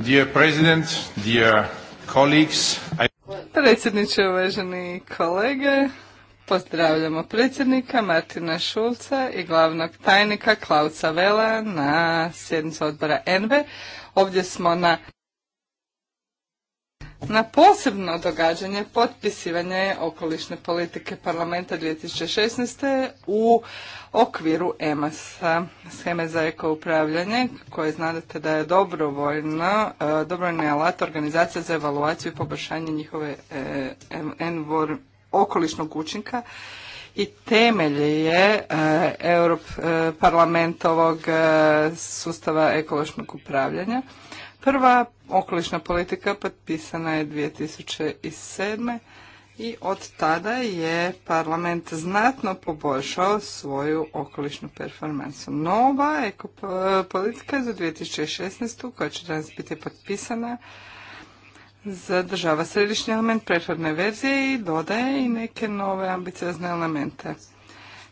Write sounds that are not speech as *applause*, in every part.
Dear President, dear colleagues, Predsjedniče, uveženi kolege, pozdravljamo predsjednika Martina Šulca i glavnog tajnika Klauca Vela na sjednicu odbora NB. Ovdje smo na na posebno događanje potpisivanje okolišne politike parlamenta 2016. u okviru EMAS-a, scheme za ekoupravljanje, koje znate da je dobrovoljna, e, dobrovoljni alat organizacija za evaluaciju i poboljšanje njihove e, okolišnog učinka i temelje je e, Europarlamentovog parlamentovog sustava ekološnog upravljanja. Prva okolišna politika potpisana je 2007. i od tada je parlament znatno poboljšao svoju okolišnu performansu. Nova politika za 2016. koja će danas biti potpisana zadržava središnji element prethodne verzije i dodaje i neke nove ambiciozne elemente.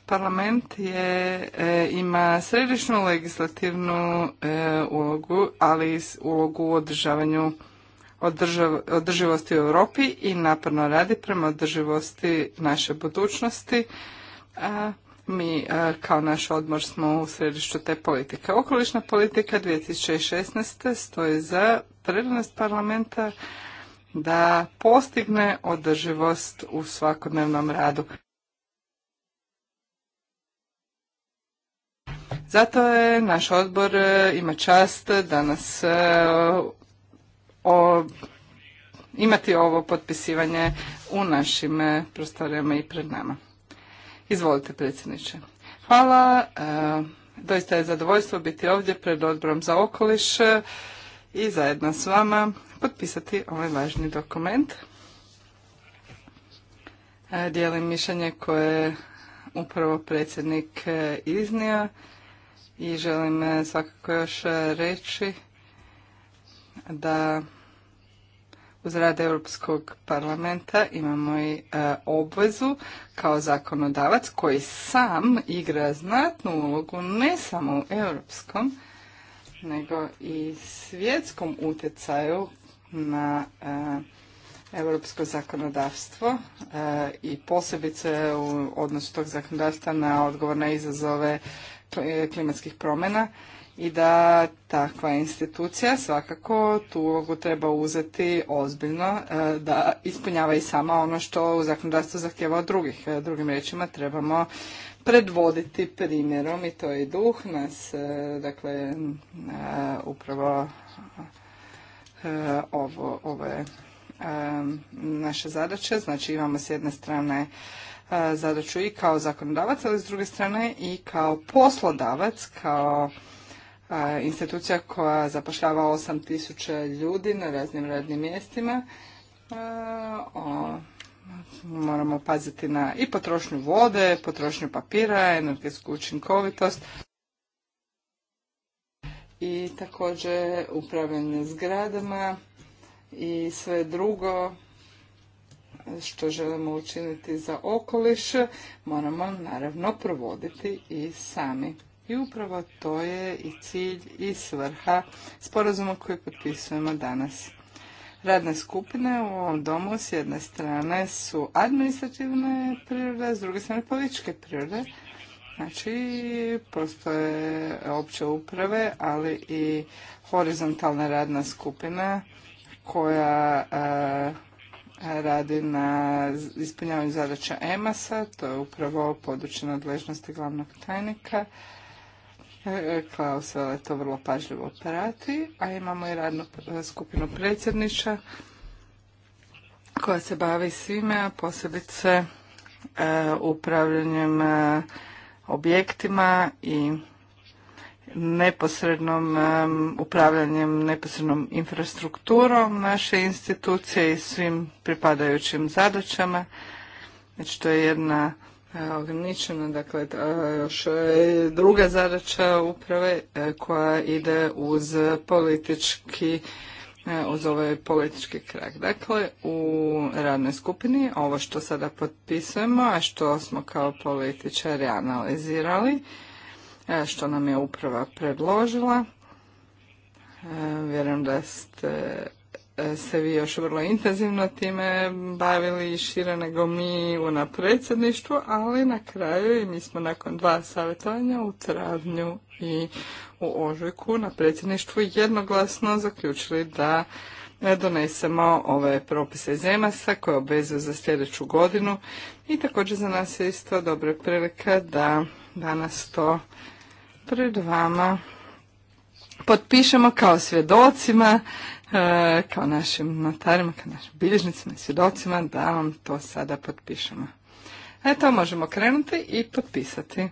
Parlament je, e, ima središnju legislativnu e, ulogu, ali i ulogu u održavanju održivosti u Europi i naporno radi prema održivosti naše budućnosti. mi e, kao naš odmor smo u središtu te politike. Okolišna politika 2016. stoji za prednost parlamenta da postigne održivost u svakodnevnom radu. Zato je naš odbor e, ima čast danas e, imati ovo potpisivanje u našim e, prostorijama i pred nama. Izvolite predsjedniče. Hvala. Doista je zadovoljstvo biti ovdje pred odborom za okoliš i zajedno s vama potpisati ovaj važni dokument. Dijelim mišljenje koje je upravo predsjednik iznio i želim e, svakako još e, reći da uz rad Europskog parlamenta imamo i e, obvezu kao zakonodavac koji sam igra znatnu ulogu ne samo u europskom, nego i svjetskom utjecaju na europsko zakonodavstvo i posebice u odnosu tog zakonodavstva na odgovorne izazove klimatskih promjena i da takva institucija svakako tu ulogu treba uzeti ozbiljno e, da ispunjava i sama ono što u zakonodavstvu zahtjeva od drugih. E, drugim riječima trebamo predvoditi primjerom i to je duh nas, e, dakle, upravo ovo, naše zadaće. Znači imamo s jedne strane E, zadaću i kao zakonodavac, ali s druge strane i kao poslodavac, kao e, institucija koja zapošljava 8000 ljudi na raznim radnim mjestima. E, moramo paziti na i potrošnju vode, potrošnju papira, energetsku učinkovitost i također upravljanje zgradama i sve drugo što želimo učiniti za okoliš, moramo naravno provoditi i sami. I upravo to je i cilj i svrha sporazuma koji potpisujemo danas. Radne skupine u ovom domu s jedne strane su administrativne prirode, s druge strane političke prirode. Znači, postoje opće uprave, ali i horizontalna radna skupina koja e, radi na ispunjavanju zadaća EMAS-a, to je upravo područje nadležnosti glavnog tajnika. E, e, Klaus je to vrlo pažljivo prati, a imamo i radnu e, skupinu predsjedniča koja se bavi svime, a posebice upravljanjem objektima i neposrednom upravljanjem, neposrednom infrastrukturom naše institucije i svim pripadajućim zadaćama. Znači to je jedna e, ograničena, dakle e, još e, druga zadaća uprave koja ide uz politički uz ovaj politički krak. Dakle, u radnoj skupini ovo što sada potpisujemo, a što smo kao političari analizirali, E, što nam je uprava predložila. E, vjerujem da ste e, se vi još vrlo intenzivno time bavili i šire nego mi na predsjedništvu, ali na kraju i mi smo nakon dva savjetovanja u travnju i u ožujku na predsjedništvu jednoglasno zaključili da donesemo ove propise Zemasa koje obvezuju za sljedeću godinu i također za nas je isto dobra prilika da danas to pred vama potpišemo kao svjedocima, e, kao našim notarima, kao našim bilježnicima i svjedocima da vam to sada potpišemo. Eto, možemo krenuti i potpisati.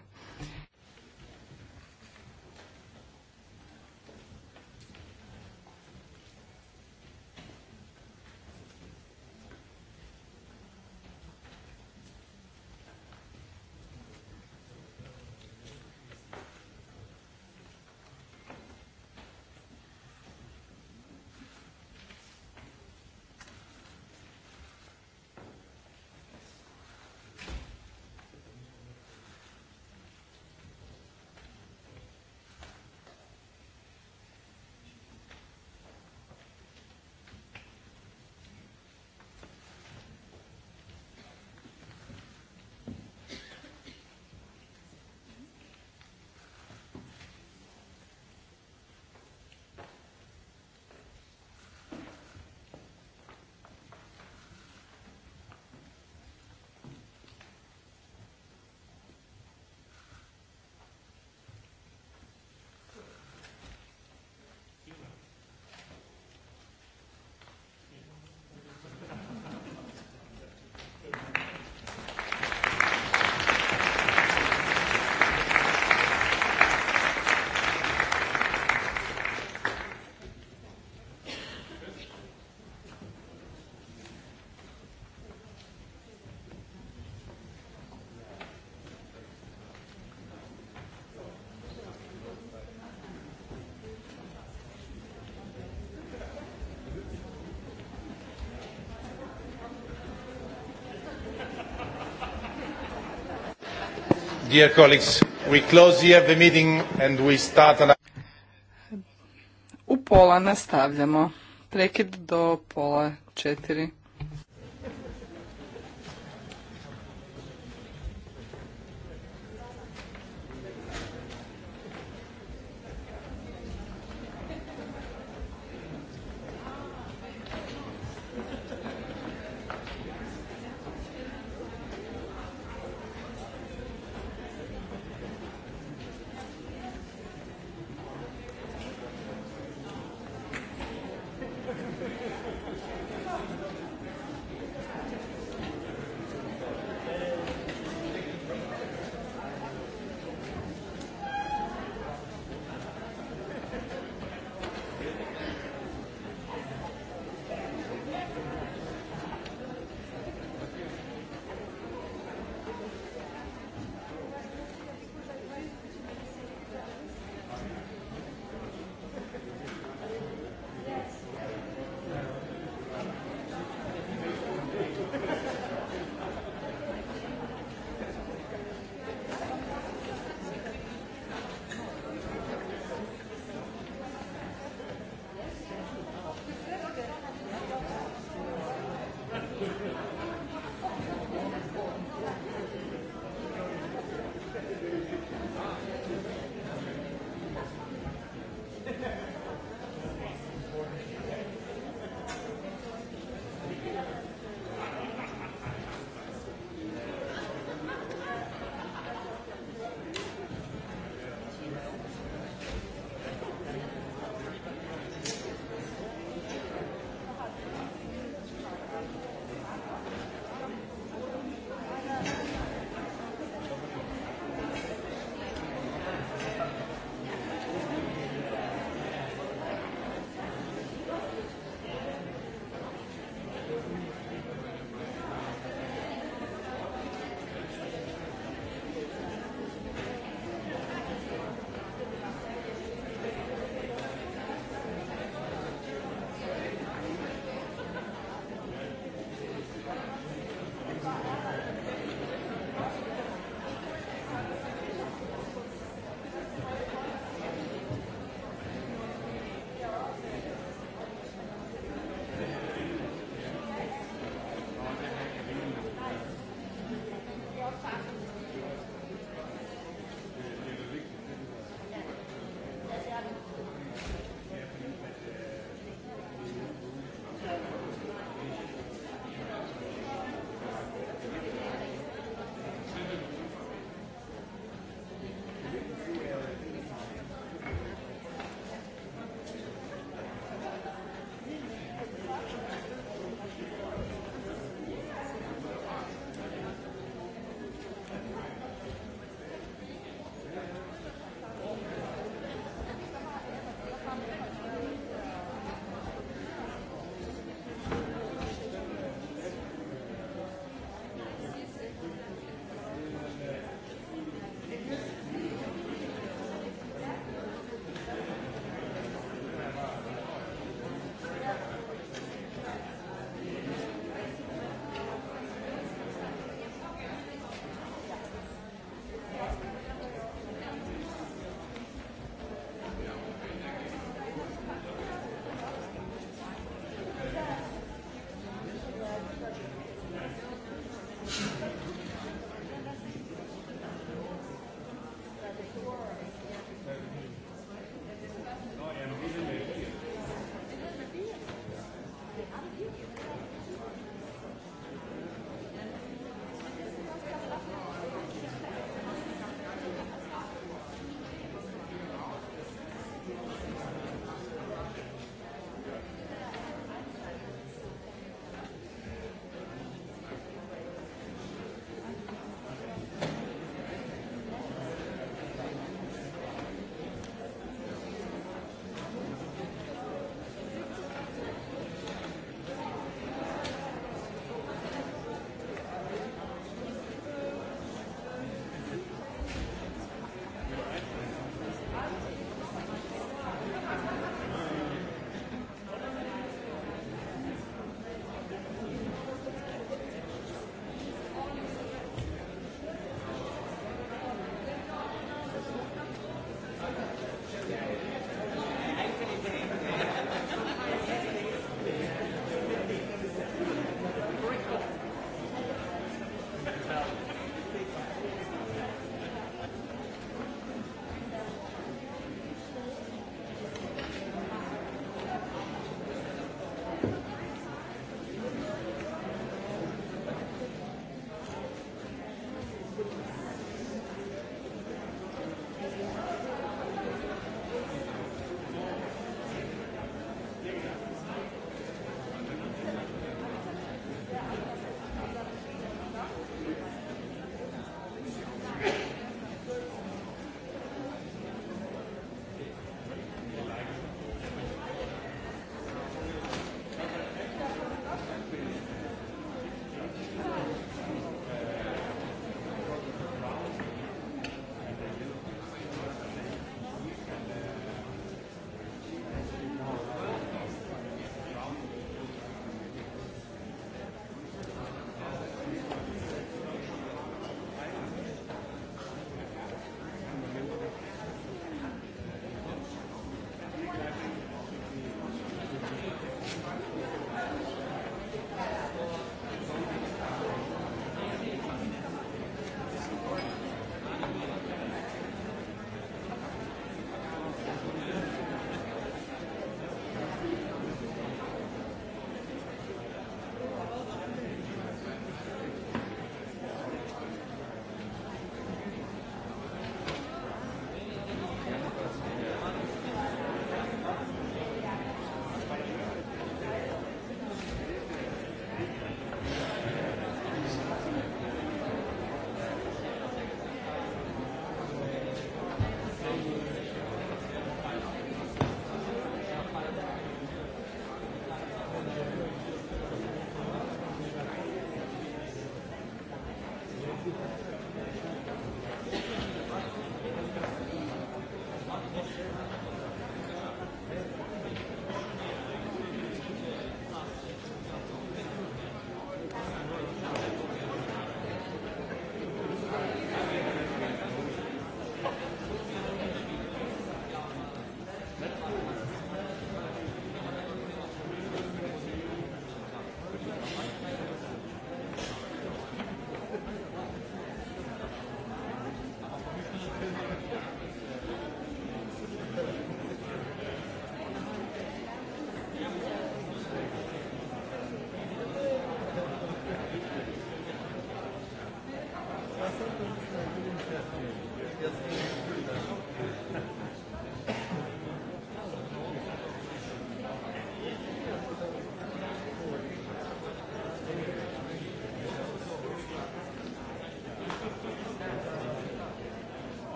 Dear colleagues, we close here the meeting and we start an... U pola nastavljamo. Prekid do pola četiri.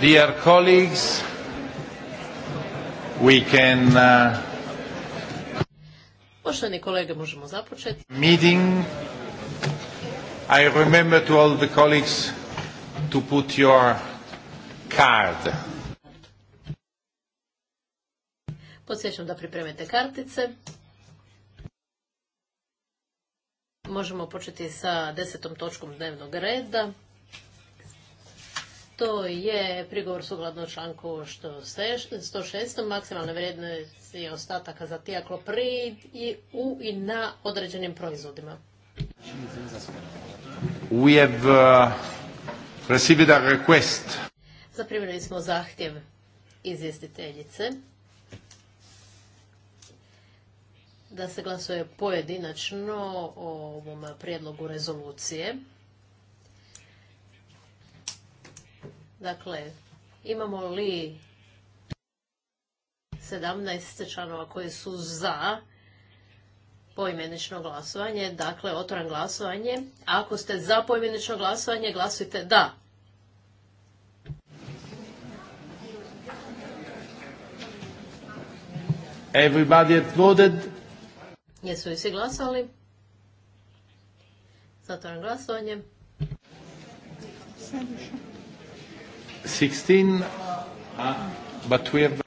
Dear colleagues, we can uh, Poštovani kolege, možemo započeti. Meeting. I remember to all the colleagues to put your card. Podsjećam da pripremite kartice. Možemo početi sa desetom točkom dnevnog reda. To je prigovor sugladno članku 106. maksimalne vrijednosti ostataka za tijakloprid i u i na određenim proizvodima. We uh, Zaprimili smo zahtjev izvjestiteljice da se glasuje pojedinačno o ovom prijedlogu rezolucije. Dakle, imamo li 17 članova koji su za poimenično glasovanje, dakle otvoran glasovanje. Ako ste za poimenično glasovanje, glasujte da. Everybody applauded. Jesu li svi glasovali? Zatvoran glasovanje. 16, uh, but we have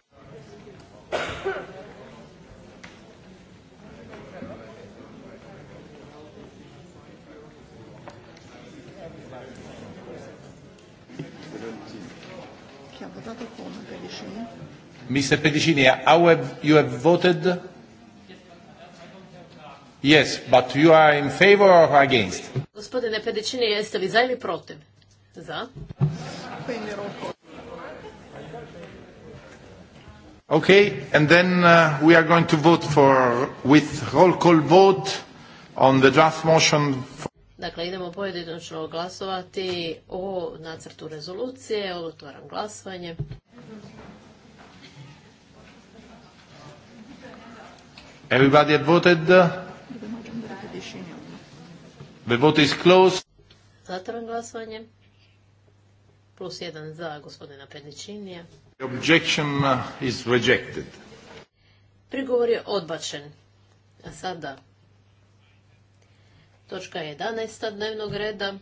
Mr. Pedicini, how have, you have voted? Yes, but you are in favor or against? Gospodine Pedicini, jeste vi za ili protiv? Za. Okay, and then uh, we are going to vote for with roll call vote on the draft motion. For... Dakle, idemo pojedinačno glasovati o nacrtu rezolucije. Otvaram glasovanje. Everybody had voted. The vote is closed. Zatvaram glasovanje plus jedan za gospodina Pedničinija. Prigovor je odbačen. A sada točka 11. dnevnog reda.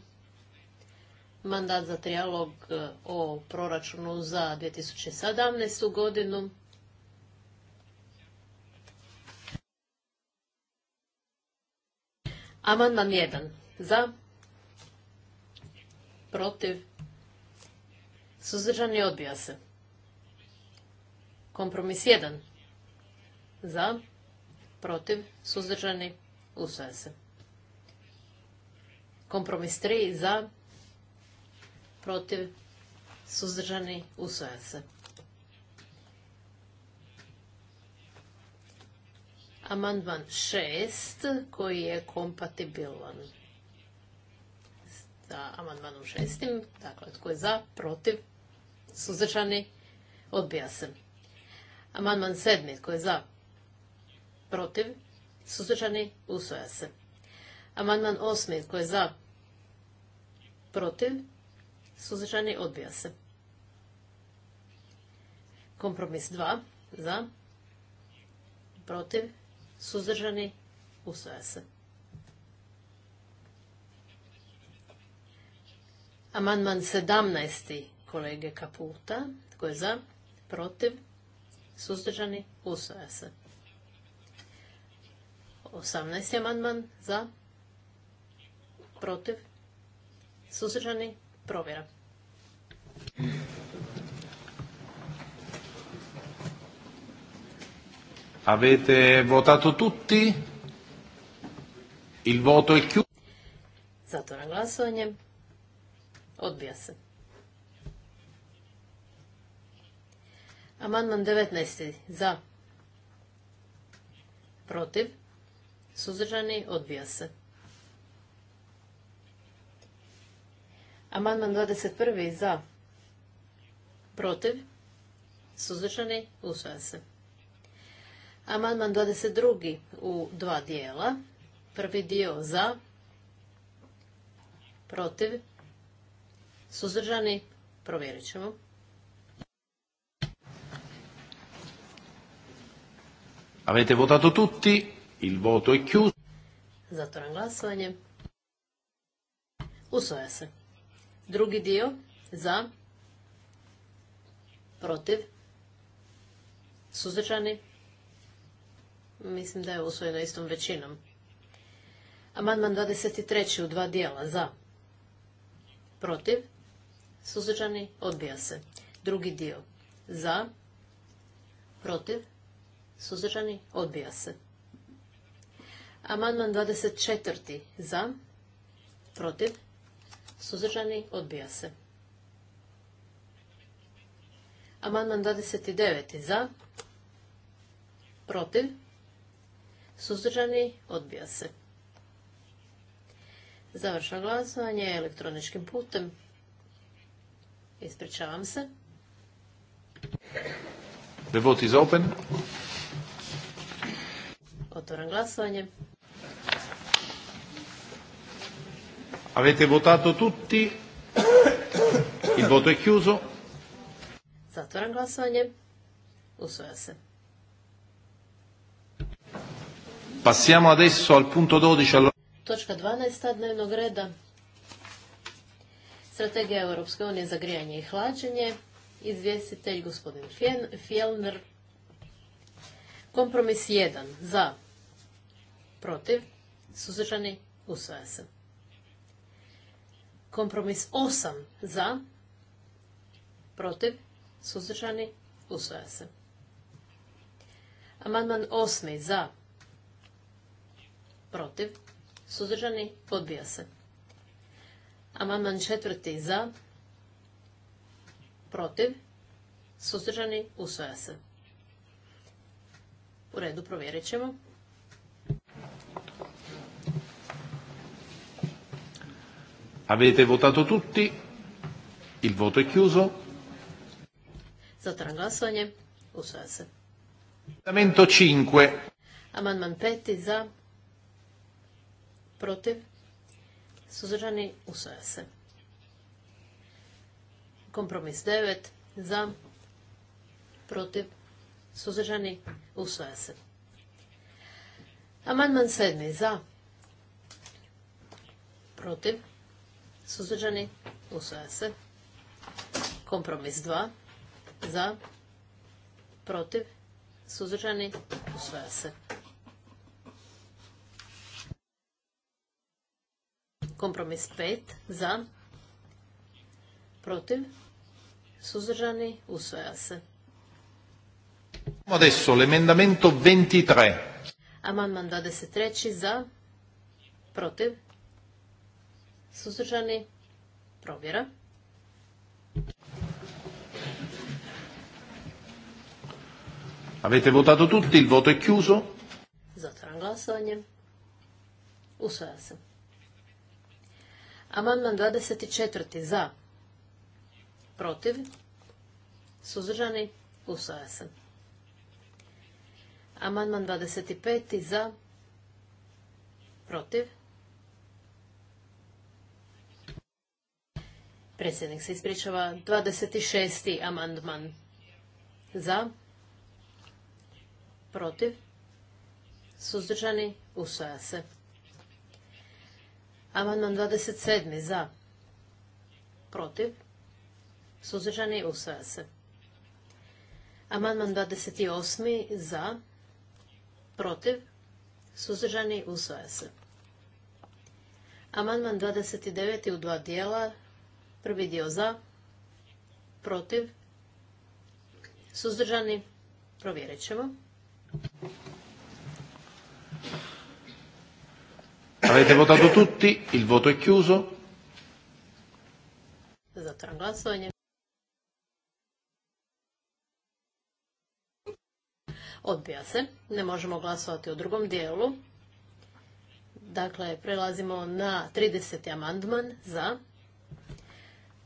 Mandat za trijalog eh, o proračunu za 2017. godinu. Amandman jedan. Za. Protiv. Suzdržani odbija se. Kompromis 1. Za. Protiv. Suzdržani. Usvaja se. Kompromis 3. Za. Protiv. Suzdržani. Usvaja se. Amandman 6 koji je kompatibilan sa amandmanom šestim. Dakle, tko je za, protiv, suzdržani, odbija se. Amandman sedmi, tko je za, protiv, suzdržani, usvoja se. Amandman osmi, tko je za, protiv, suzdržani, odbija se. Kompromis dva, za, protiv, suzdržani, usvoja se. Amandman 17 kolege Kaputa. Tko je za? Protiv? Suzdržani? Usvaja se. 18. amandman za? Protiv? Suzdržani? Provjera. Avete votato tutti? Il voto è chiuso. na glasovanje. Odbija se. Amandman 19. Za. Protiv. Suzdržani. Odbija se. Amandman 21. Za. Protiv. Suzdržani. Usvaja se. Amandman 22. U dva dijela. Prvi dio za. Protiv. Suzdržani. Provjerit ćemo. Avete votato tutti? Il voto è chiuso. Zatvoram glasovanje. usvaja se. Drugi dio za, protiv, suzdržani. Mislim da je usvojeno istom većinom. Amandman 23. u dva dijela za, protiv, suzdržani, odbija se. Drugi dio za, protiv, Suzdržani? Odbija se. Amandman 24. Za? Protiv? Suzdržani? Odbija se. Amandman 29. Za? Protiv? Suzdržani? Odbija se. Završno glasovanje elektroničkim putem. Ispričavam se. The vote is open. Otvoram glasovanje. Avete votato tutti? Il voto è chiuso. Zatvoram glasovanje. Usvoja se. Passiamo adesso al punto 12. All... Točka 12. dnevnog reda. Strategija Europske unije za grijanje i hlađenje. Izvjestitelj gospodin Fjellner. Kompromis 1. Za protiv, suzdržani, usvaja se. Kompromis osam za, protiv, suzdržani, usvaja se. Amandman 8 za, protiv, suzdržani, odbija se. Amandman 4 za, protiv, suzdržani, usvaja se. U redu provjerit ćemo. Avete votato tutti? Il voto è chiuso. Zatvaram glasovanje. Usvaja se. Amendamento 5. Amandman 5 za. Protiv. Suzdržani. Usvaja se. Kompromis 9 za. Protiv. Suzdržani. Usvaja se. Amandman 7 za. Protiv suzdržani, usvaja se. Kompromis 2, za, protiv, suzdržani, usvaja se. Kompromis 5, za, protiv, suzdržani, usvaja se. Adesso l'emendamento 23. Amandman 23 za, protiv, Suzdržani? Provjera. Avete votato tutti, il voto è chiuso. Zatvaram glasovanje. Usvaja se. Amandman 24. za. Protiv. Suzdržani. Usvaja se. Amandman 25. za. Protiv. Predsjednik se ispričava. 26. amandman. Za. Protiv. Suzdržani. Usvaja se. Amandman 27. Za. Protiv. Suzdržani. Usvaja se. Amandman 28. Za. Protiv. Suzdržani. Usvaja se. Amandman 29. u dva dijela. Prvi dio za, protiv, suzdržani, provjerit ćemo. Avete votato tutti, il voto è chiuso. glasovanje. Odbija se. Ne možemo glasovati u drugom dijelu. Dakle, prelazimo na 30. amandman za,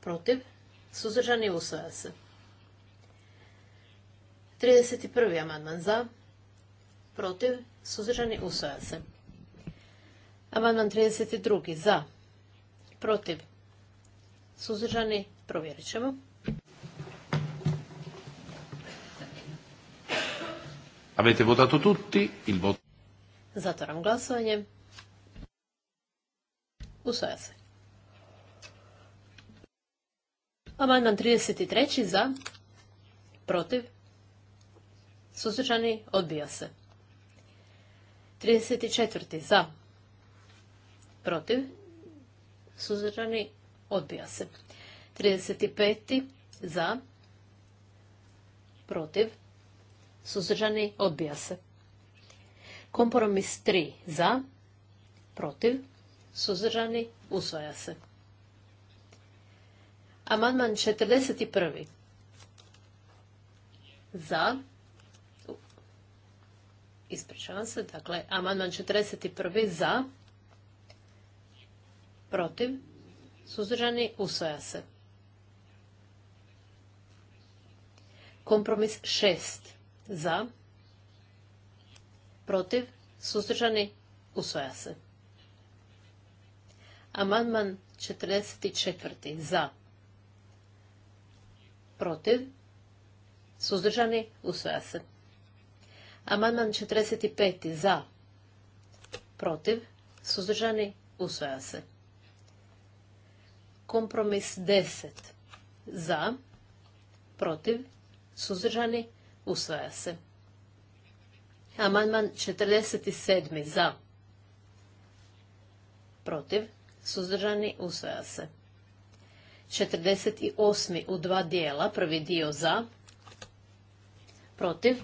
protiv, suzdržani usvaja se. 31. amandman za, protiv, suzdržani usvaja se. Amandman 32. za, protiv, suzdržani provjerit ćemo. Avete votato tutti il voto. Zatvaram glasovanje. Usvaja se. Amandman 33. za, protiv, suzdržani, odbija se. 34. za, protiv, suzdržani, odbija se. 35. za, protiv, suzdržani, odbija se. Kompromis 3 za, protiv, suzdržani, usvaja se. Amandman 41. Za. Ispričavam se. Dakle, amandman 41. Za. Protiv. Suzdržani. Usvoja se. Kompromis 6. Za. Protiv. Suzdržani. Usvoja se. Amandman 44. Za protiv, suzdržani, usvaja se. Amandman 45. za, protiv, suzdržani, usvaja se. Kompromis 10. za, protiv, suzdržani, usvaja se. Amandman 47. za, protiv, suzdržani, usvaja se. 48. u dva dijela, prvi dio za, protiv,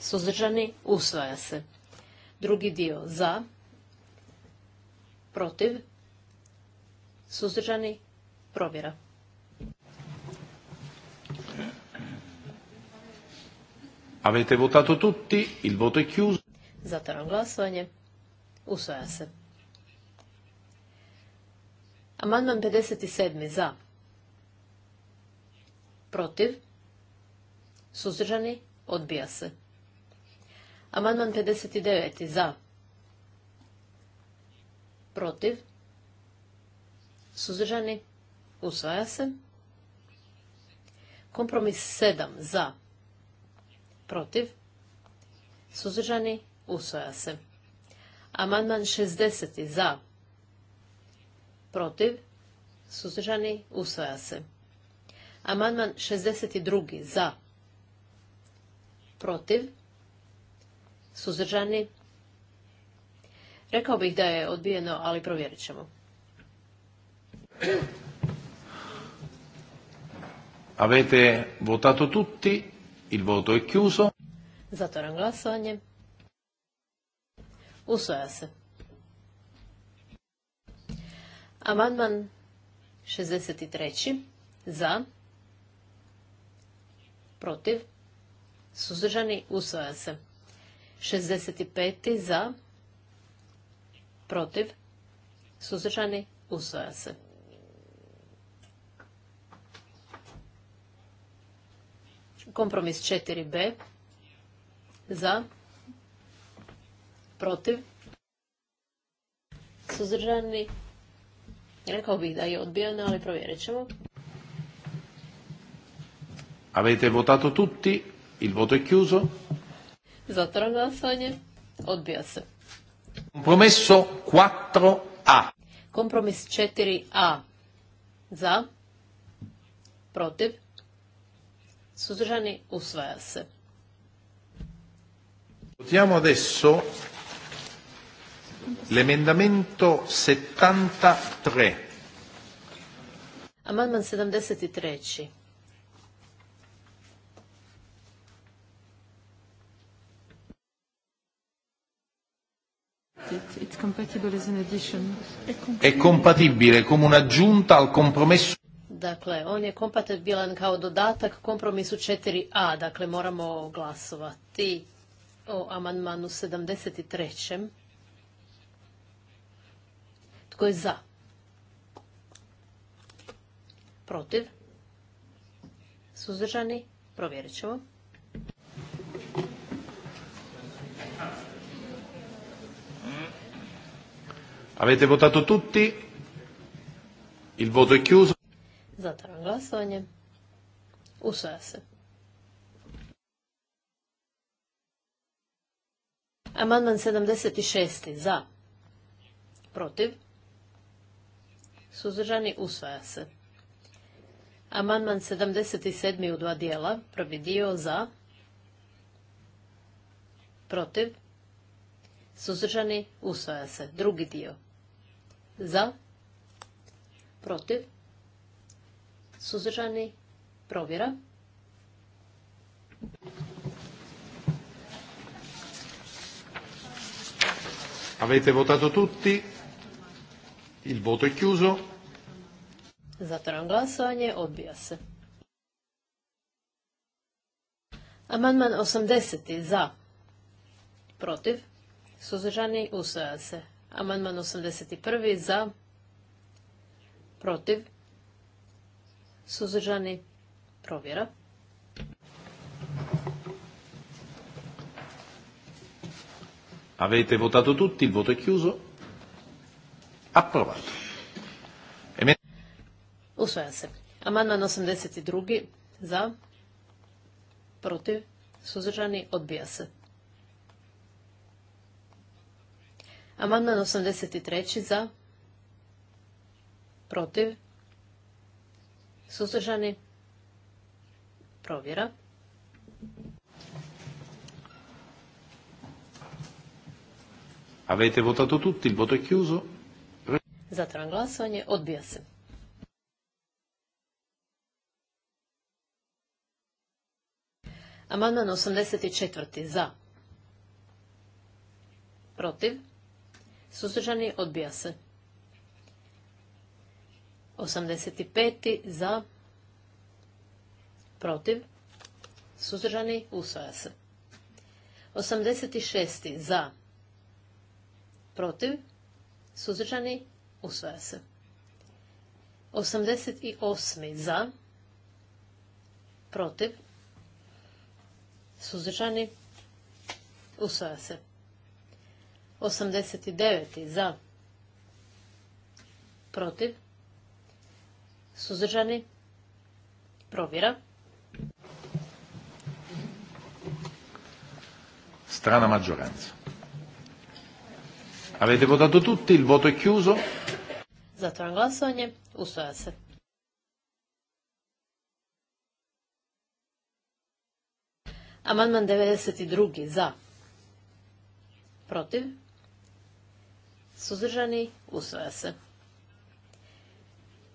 suzdržani, usvaja se. Drugi dio za, protiv, suzdržani, provjera. Avete votato tutti, il voto è chiuso. Zatvaram glasovanje. Usvaja se. Amandman 57. za. Protiv. Suzdržani. Odbija se. Amandman 59. za. Protiv. Suzdržani. Usvaja se. Kompromis 7. za. Protiv. Suzdržani. Usvaja se. Amandman 60. za protiv, suzdržani, usvaja se. Amandman 62. za, protiv, suzdržani. Rekao bih da je odbijeno, ali provjerit ćemo. Avete votato tutti, il voto è chiuso. Zatoran glasovanje. Usvaja se. Amandman 63. Za. Protiv. Suzdržani. Usvaja se. 65. Za. Protiv. Suzdržani. Usvaja se. Kompromis 4b. Za. Protiv. Suzdržani. Rekao bih da je odbijena, ali provjerit ćemo. Avete votato tutti? Il voto è chiuso? Zatvoram glasovanje. Odbija se. Kompromesso 4a. Kompromis 4a. Za. Protiv. Suzdržani usvaja se. Votiamo adesso L'emendamento 73. Amandman 73. È compatibile come un'aggiunta al compromesso. Dakle, on je kompatibilan kao dodatak kompromisu 4a, dakle moramo glasovati o amandmanu 73. Tko je za? Protiv? Suzdržani? Provjerit ćemo. Avete votato tutti? Il voto è chiuso. Zatvaram glasovanje. Usvaja se. Amandman 76. Za. Protiv suzdržani, usvaja se. Amandman 77. u dva dijela, prvi dio za, protiv, suzdržani, usvaja se. Drugi dio za, protiv, suzdržani, provjera. Avete votato tutti? Il voto è chiuso. Zatvaram glasovanje, odbija se. Amandman 80. za. Protiv. Suzdržani usvaja se. Amandman 81. za. Protiv. Suzdržani provjera. Avete votato tutti, il voto è chiuso. Approvato. Usvaja se. Amandman 82. Za. Protiv. Suzdržani. Odbija se. Amandman 83. Za. Protiv. Suzdržani. Provjera. Avete votato tutti, il voto è chiuso. Zatvaram glasovanje. Odbija se. Amandman 84. Za. Protiv. Suzdržani. Odbija se. 85. Za. Protiv. Suzdržani. Usvaja se. 86. Za. Protiv. Suzdržani. Usvaja se. 88. za. Protiv. Suzdržani. Usvaja se. 89. za. Protiv. Suzdržani. Provjera. Strana mađoranca Avete votato tutti, il voto è chiuso. Zatvaram glasovanje, usvaja se. Amandman 92. za. Protiv. Suzdržani. Usvaja se.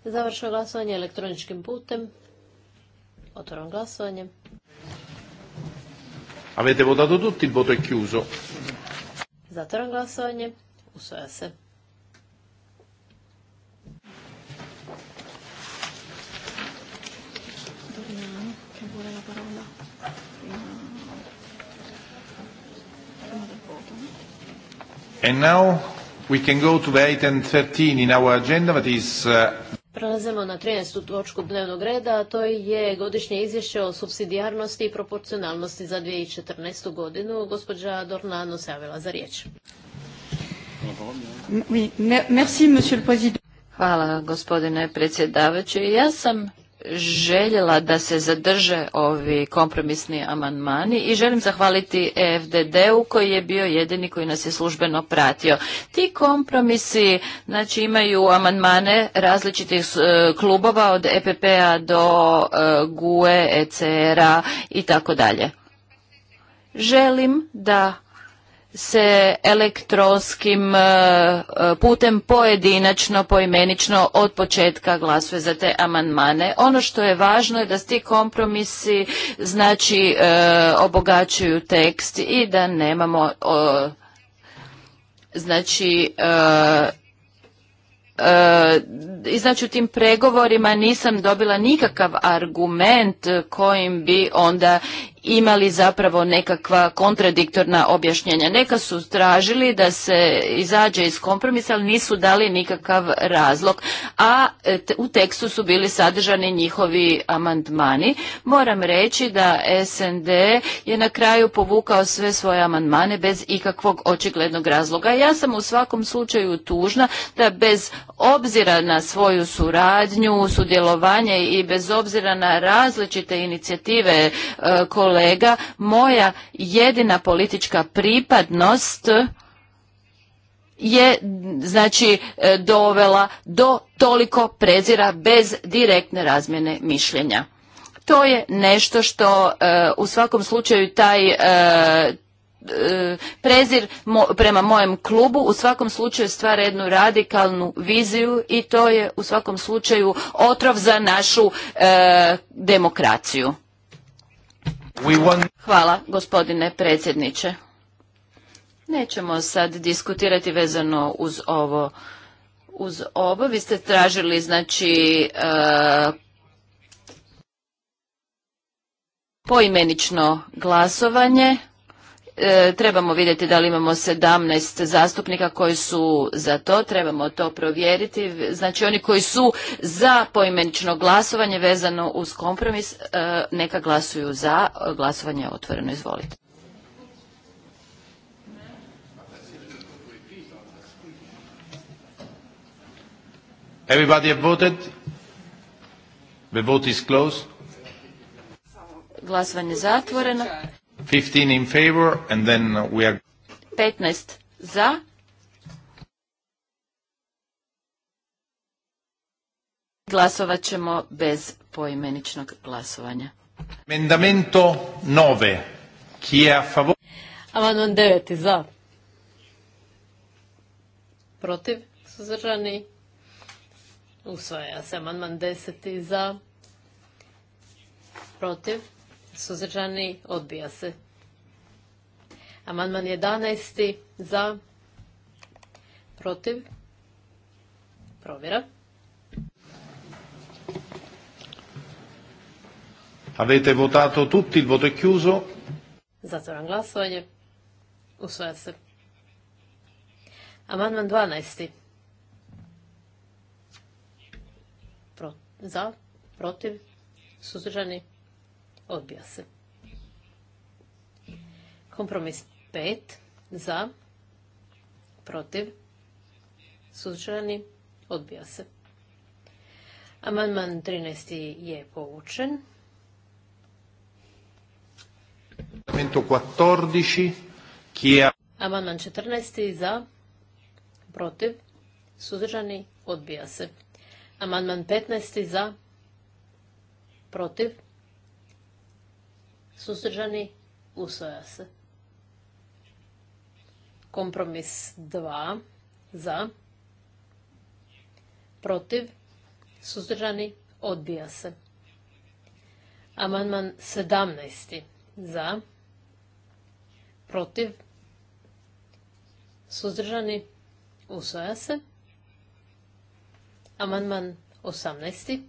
Završeno glasovanje elektroničkim putem. Otvorom glasovanje. Avete votato tutti, il voto è chiuso. Zatvoram glasovanje. Usvaja se. And now we can go to item 13 in our agenda that is uh... Prelazimo na 13. točku dnevnog reda, a to je godišnje izvješće o subsidijarnosti i proporcionalnosti za 2014. godinu. Gospođa Dornano se javila za riječ. Hvala gospodine predsjedavajući. Ja sam željela da se zadrže ovi kompromisni amandmani i želim zahvaliti EFDD-u koji je bio jedini koji nas je službeno pratio. Ti kompromisi znači, imaju amandmane različitih e, klubova od EPP-a do e, GUE, ECR-a i tako dalje. Želim da se elektronskim e, e, putem pojedinačno, poimenično od početka glasuje za te amandmane. Ono što je važno je da ti kompromisi znači e, obogaćuju tekst i da nemamo znači i znači u tim pregovorima nisam dobila nikakav argument kojim bi onda imali zapravo nekakva kontradiktorna objašnjenja. Neka su tražili da se izađe iz kompromisa, ali nisu dali nikakav razlog, a e, u tekstu su bili sadržani njihovi amandmani. Moram reći da SND je na kraju povukao sve svoje amandmane bez ikakvog očiglednog razloga. Ja sam u svakom slučaju tužna da bez obzira na svoju suradnju, sudjelovanje i bez obzira na različite inicijative e, kolega, moja jedina politička pripadnost je znači e, dovela do toliko prezira bez direktne razmjene mišljenja. To je nešto što e, u svakom slučaju taj e, prezir prema mojem klubu u svakom slučaju stvara jednu radikalnu viziju i to je u svakom slučaju otrov za našu demokraciju. Hvala, gospodine predsjedniče. Nećemo sad diskutirati vezano uz ovo. Uz ovo vi ste tražili, znači, e, poimenično glasovanje. E, trebamo vidjeti da li imamo 17 zastupnika koji su za to, trebamo to provjeriti. Znači oni koji su za poimenično glasovanje vezano uz kompromis, e, neka glasuju za, glasovanje je otvoreno, izvolite. Everybody have voted? The closed. Glasovanje zatvoreno. 15 in favor and then we are 15 za Glasovat ćemo bez poimeničnog glasovanja. Amendamento 9. Chi è a favore? Amandman 9 za. Protiv? Suzdržani? Usvaja se amandman 10 za. Protiv? suzdržani, odbija se. Amandman 11. za, protiv, provjera. Avete votato tutti, il voto è chiuso. Zatvoram glasovanje. Usvaja se. Amandman 12. za, protiv, suzdržani, Odbija se. Kompromis 5 za, protiv, suzdržani, odbija se. Amandman 13. je povučen. Amandman 14. za, protiv, suzdržani, odbija se. Amandman 15. za, protiv, suzdržani, usvoja se. Kompromis 2 za, protiv, suzdržani, odbija se. Amandman 17 za, protiv, suzdržani, usvoja se. Amandman 18.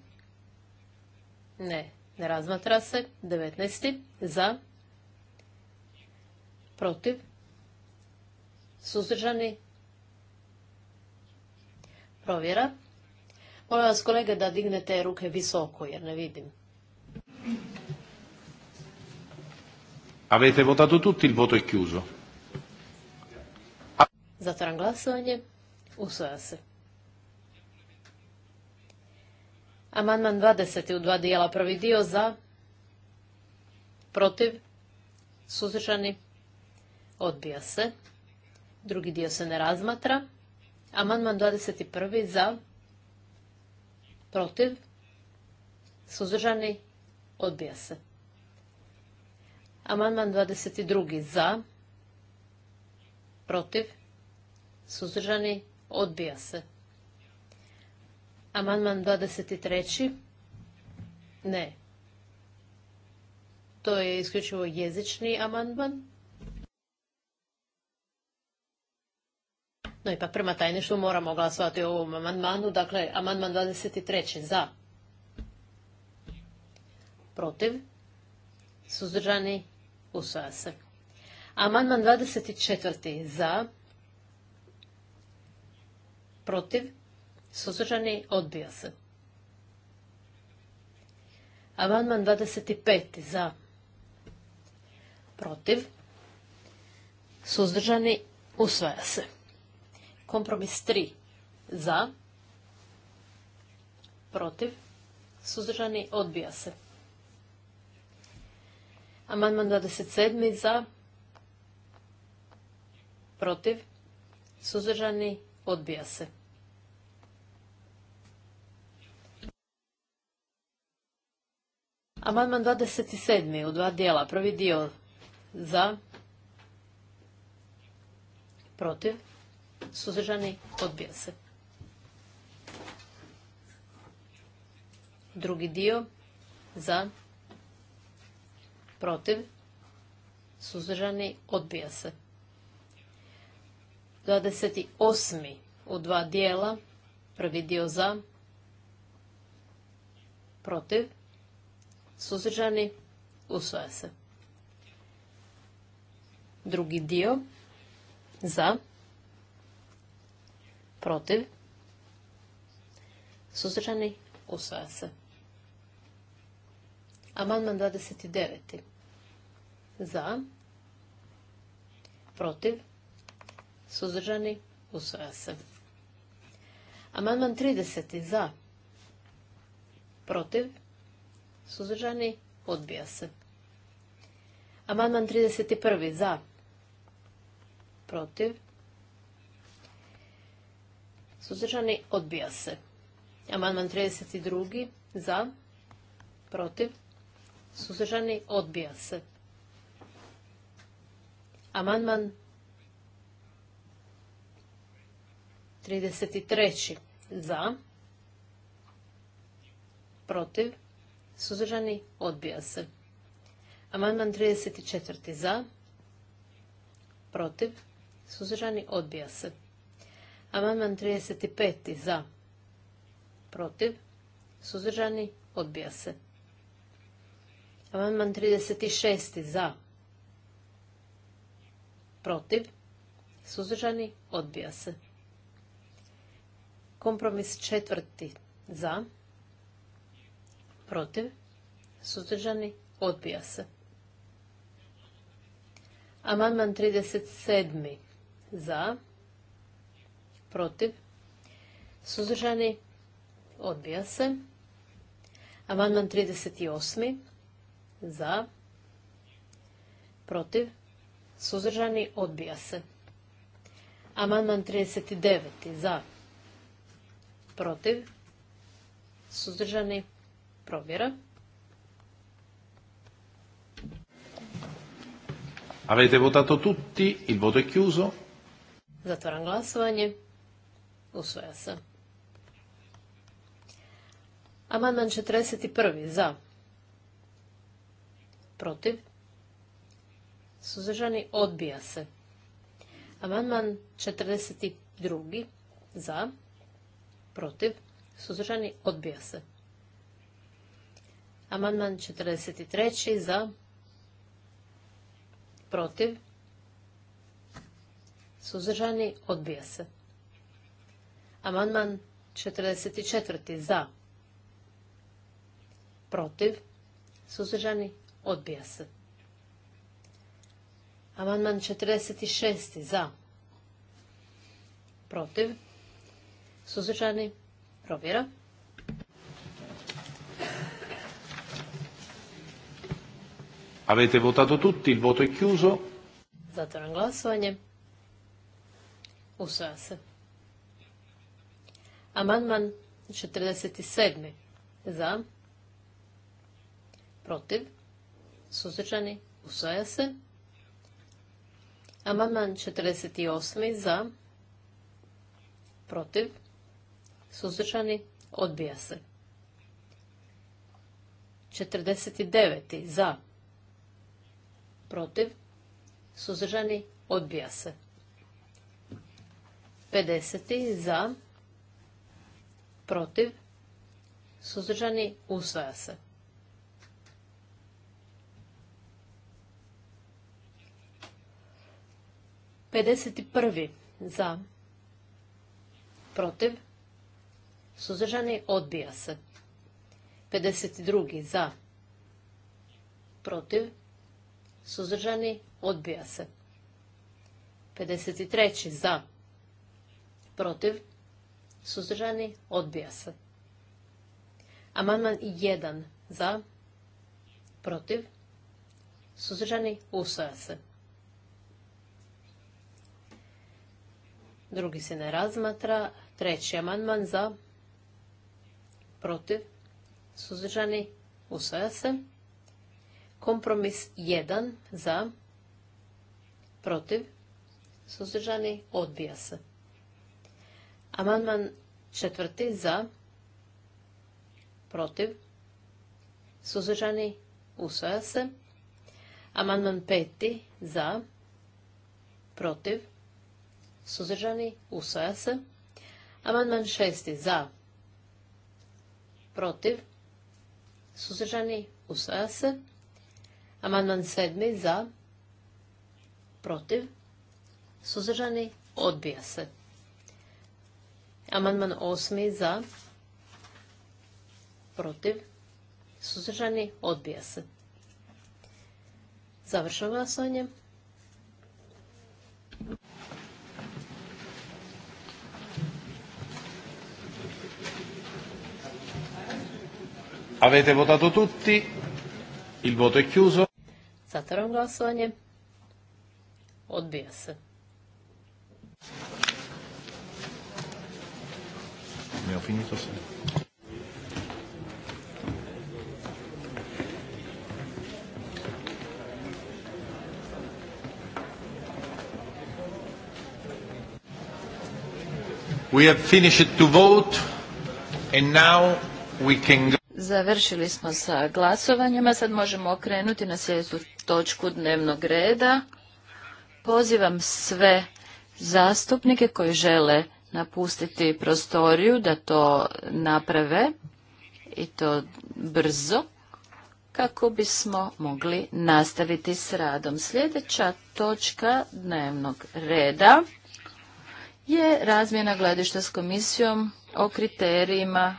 Ne, ne razmatra se. 19. za. Protiv. Suzdržani. Provjera. Molim vas kolege da dignete ruke visoko jer ne vidim. Avete votato tutti, il voto è chiuso. Zatvaram glasovanje. Usvaja se. Amandman 20. u dva dijela. Prvi dio za, protiv, suzdržani, odbija se. Drugi dio se ne razmatra. Amandman 21. za, protiv, suzdržani, odbija se. Amandman 22. za, protiv, suzdržani, odbija se. Amandman 23. Ne. To je isključivo jezični amandman. No ipak prema tajništvu moramo glasovati o ovom amandmanu. Dakle, amandman 23. Za. Protiv. Suzdržani. Usvaja se. Amandman 24. Za. Protiv. Suzdržani? Odbija se. Amandman 25. Za. Protiv. Suzdržani? Usvaja se. Kompromis 3. Za. Protiv. Suzdržani? Odbija se. Amandman 27. Za. Protiv. Suzdržani? Odbija se. Amandman 27. u dva dijela. Prvi dio za, protiv, suzdržani, odbija se. Drugi dio za, protiv, suzdržani, odbija se. 28. u dva dijela. Prvi dio za, protiv, Suzdržani? usvoja se. Drugi dio. Za. Protiv. Suzdržani? usvoja se. Amandman 29. Za. Protiv. Suzdržani? usvoja se. Amandman 30. Za. Protiv. Suzdržani? Odbija se. Amandman 31. Za. Protiv. Suzdržani? Odbija se. Amandman 32. Za. Protiv. Suzdržani? Odbija se. Amandman 33. Za. Protiv. Suzdržani? Odbija se. Amandman 34. Za? Protiv? Suzdržani? Odbija se. Amandman 35. Za? Protiv? Suzdržani? Odbija se. Amandman 36. Za? Protiv? Suzdržani? Odbija se. Kompromis četvrti. Za? protiv, suzdržani, odbija se. Amandman 37. za, protiv, suzdržani, odbija se. Amandman 38. za, protiv, suzdržani, odbija se. Amandman 39. za, protiv, suzdržani, Provjera. Avete votato tutti? Il voto è chiuso. Zatvaram glasovanje. Usvaja se. Amandman 41. Za. Protiv. Suzdržani odbija se. Amandman 42. Za. Protiv. Suzdržani odbija se. Amandman 43. za protiv suzdržani odbija se. Amandman 44. za protiv suzdržani odbija se. Amandman 46. za protiv suzdržani provjera. Avete votato tutti, il voto è chiuso. Zatvoram glasovanje. Usvaja se. Amandman 47. Za. Protiv. Suzdržani. Usvaja se. Amandman 48. Za. Protiv. Suzdržani. Odbija se. 49. Za protiv, suzdržani, odbija se. 50. za, protiv, suzdržani, usvaja se. 51. za, protiv, suzdržani, odbija se. 52. za, protiv, suzdržani, odbija se. 53. za, protiv, suzdržani, odbija se. Amandman 1 za, protiv, suzdržani, usvaja se. Drugi se ne razmatra. Treći amandman za, protiv, suzdržani, usvaja se. Kompromis 1 za, protiv, suzdržani, odbija se. Amandman četvrti za, protiv, suzdržani, usvaja se. Amandman peti za, protiv, suzdržani, usvaja se. Amandman šesti za, protiv, suzdržani, usvaja se. Amandman sedmi za, protiv, suzdržani, odbija se. Amandman osmi za, protiv, suzdržani, odbija se. Završeno glasovanje. Avete votato tutti? Il voto è chiuso. Zatvaram glasovanje. Odbija se. finito We have finished to vote and now we can go. Završili smo sa glasovanjima, sad možemo okrenuti na sljedeću točku dnevnog reda. Pozivam sve zastupnike koji žele napustiti prostoriju da to naprave i to brzo kako bismo mogli nastaviti s radom. Sljedeća točka dnevnog reda je razmjena gledišta s komisijom o kriterijima